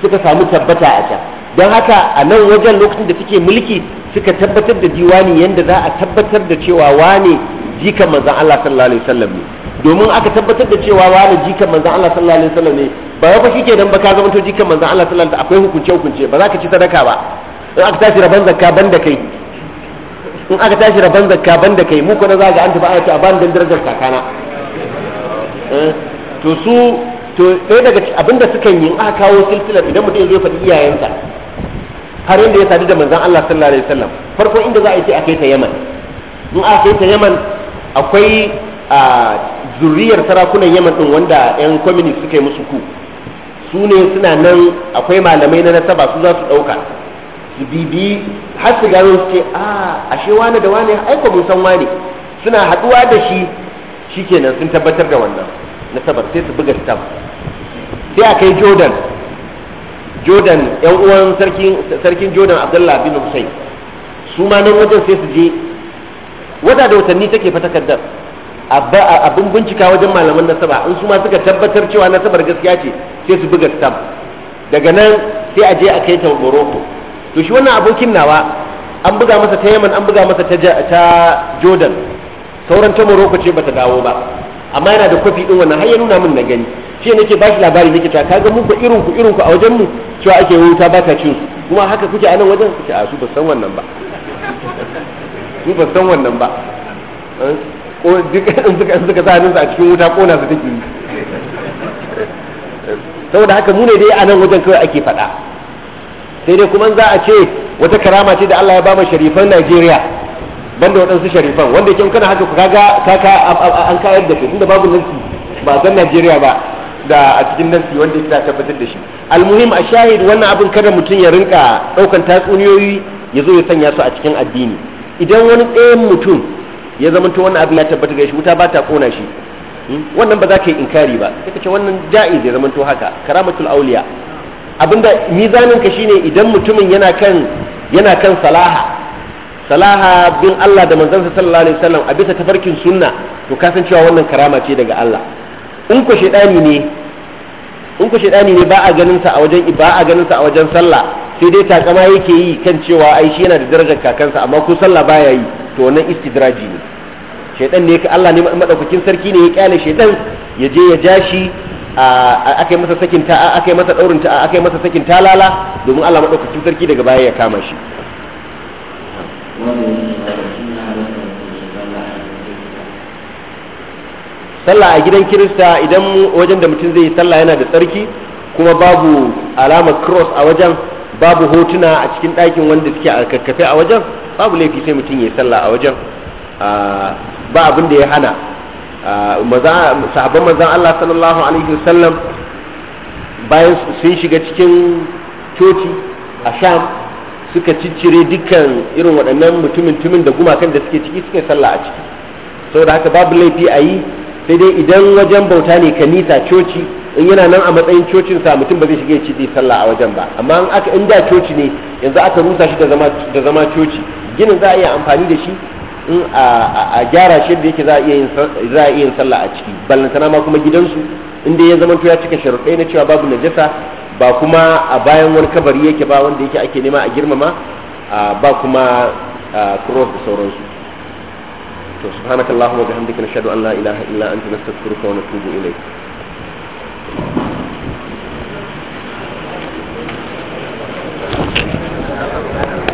suka samu tabbata a can don haka a nan wajen lokacin da suke mulki suka tabbatar da diwani yadda za a tabbatar da cewa wane jikan manzan Allah sallallahu alaihi wasallam ne domin aka tabbatar da cewa wane jikan manzan Allah sallallahu alaihi wasallam ne ba wafa shi ke dan ba ka zama to jikan manzan Allah sallallahu alaihi wasallam akwai hukunce hukunce ba za ka ci sadaka ba in aka tashi rabon zakka ban da kai in aka tashi rabon zakka ban da kai mu kuma za ga an tafi ana a bani darajar kakana eh, to su to ɗaya daga abinda suka yi in aka kawo silsilar idan mutum zai faɗi iyayensa har yadda ya sadu da manzon Allah sallallahu alaihi wasallam farko inda za a yi sai a kai ta Yaman in aka kai ta Yaman akwai zuriyar sarakunan Yaman din wanda yan communist suka yi musu ku su ne suna nan akwai malamai na nasaba su za su ɗauka su bibi har su gano su ce a ashe wani da wani aiko mun san wani suna haduwa da shi shikenan sun tabbatar da wannan nasabar sai su buga stamp sai a kai jordan jordan yan uwan sarkin sarkin jordan abdullah bin hussein su ma nan wajen sai su je wata da watanni take fa takardar abin bincika wajen malaman nasaba in su ma suka tabbatar cewa nasabar gaskiya ce sai su buga stamp daga nan sai a je a kai ta morocco to shi wannan abokin nawa an buga masa ta yaman an buga masa ta jordan sauran ta morocco ce bata dawo ba amma yana da kwafi din wannan har ya nuna min na gani shi nake ba shi labari nake cewa kaga mu ko irin ku irin ku a wajen mu cewa ake wuta ba ta cin su kuma haka kuke a nan wajen kuke a su ba san wannan ba su ba san wannan ba ko duk in suka in suka sa su a cikin wuta kona su take yi saboda haka mu ne dai a nan wajen kawai ake faɗa sai dai kuma za a ce wata karama ce da Allah ya bama sharifan Najeriya banda waɗansu sharifan wanda yake kana haka ka ka an kayar da shi inda babu nansi ba san Najeriya ba da a cikin nansi wanda yake tabbatar da shi almuhim a shahid wannan abin kada mutum ya rinka daukan tatsuniyoyi ya zo ya sanya su a cikin addini idan wani ɗayan mutum ya to wannan abin ya tabbata da shi wuta ba ta kona shi hmm, wannan ba za ka yi inkari ba sai ka ce wannan ja'iz ya zamanto haka karamatul auliya abinda mizanin ka shine idan mutumin yana kan yana kan salaha salaha bin Allah da manzansa sallallahu alaihi wasallam a bisa tafarkin sunna to kasancewa cewa wannan karama ce daga Allah in ku shedani ne in ku shedani ne ba a ganin sa a wajen ba a ganin sa a wajen sallah sai dai takama yake yi kan cewa ai shi yana da darajar kakansa amma ko sallah baya yi to wannan istidraji ne shedan ne ka Allah ne madaukakin sarki ne ya kyale shedan ya je ya ja shi aka yi masa sakin ta aka masa daurin ta aka masa sakin talala domin Allah madaukakin sarki daga baya ya kama shi sallah a gidan kirista idan wajen da mutum zai yi sallah yana da tsarki kuma babu alamar cross a wajen babu hotuna a cikin ɗakin wanda suke a kakkafe a wajen babu laifi sai mutum ya yi sallah a wajen ba abin da ya hana sahabban manzan Allah sallallahu alaihi wasallam bayan sun shiga cikin coci a sham suka ciccire dukkan irin waɗannan mutumin-tumin da gumakan da suke ciki suke sallah a ciki saboda haka babu laifi a yi sai dai idan wajen bauta ne kanisa coci in yana nan a matsayin cocin sa mutum ba zai shiga ciki sallah a wajen ba amma in da coci ne yanzu aka rusa shi da zama coci ginin za a iya amfani da shi in a gyara shi da yake za a iya yin sallah a ciki ballantana ma kuma gidansu inda ya zama ya cika sharuɗai na cewa babu najasa ba kuma a bayan wani kabari yake ba wanda yake ake nema a girmama ba kuma cross da sauransu to allahumma bihamdika nashhadu an la ilaha illa anta nastaghfiruka wa natubu ilayk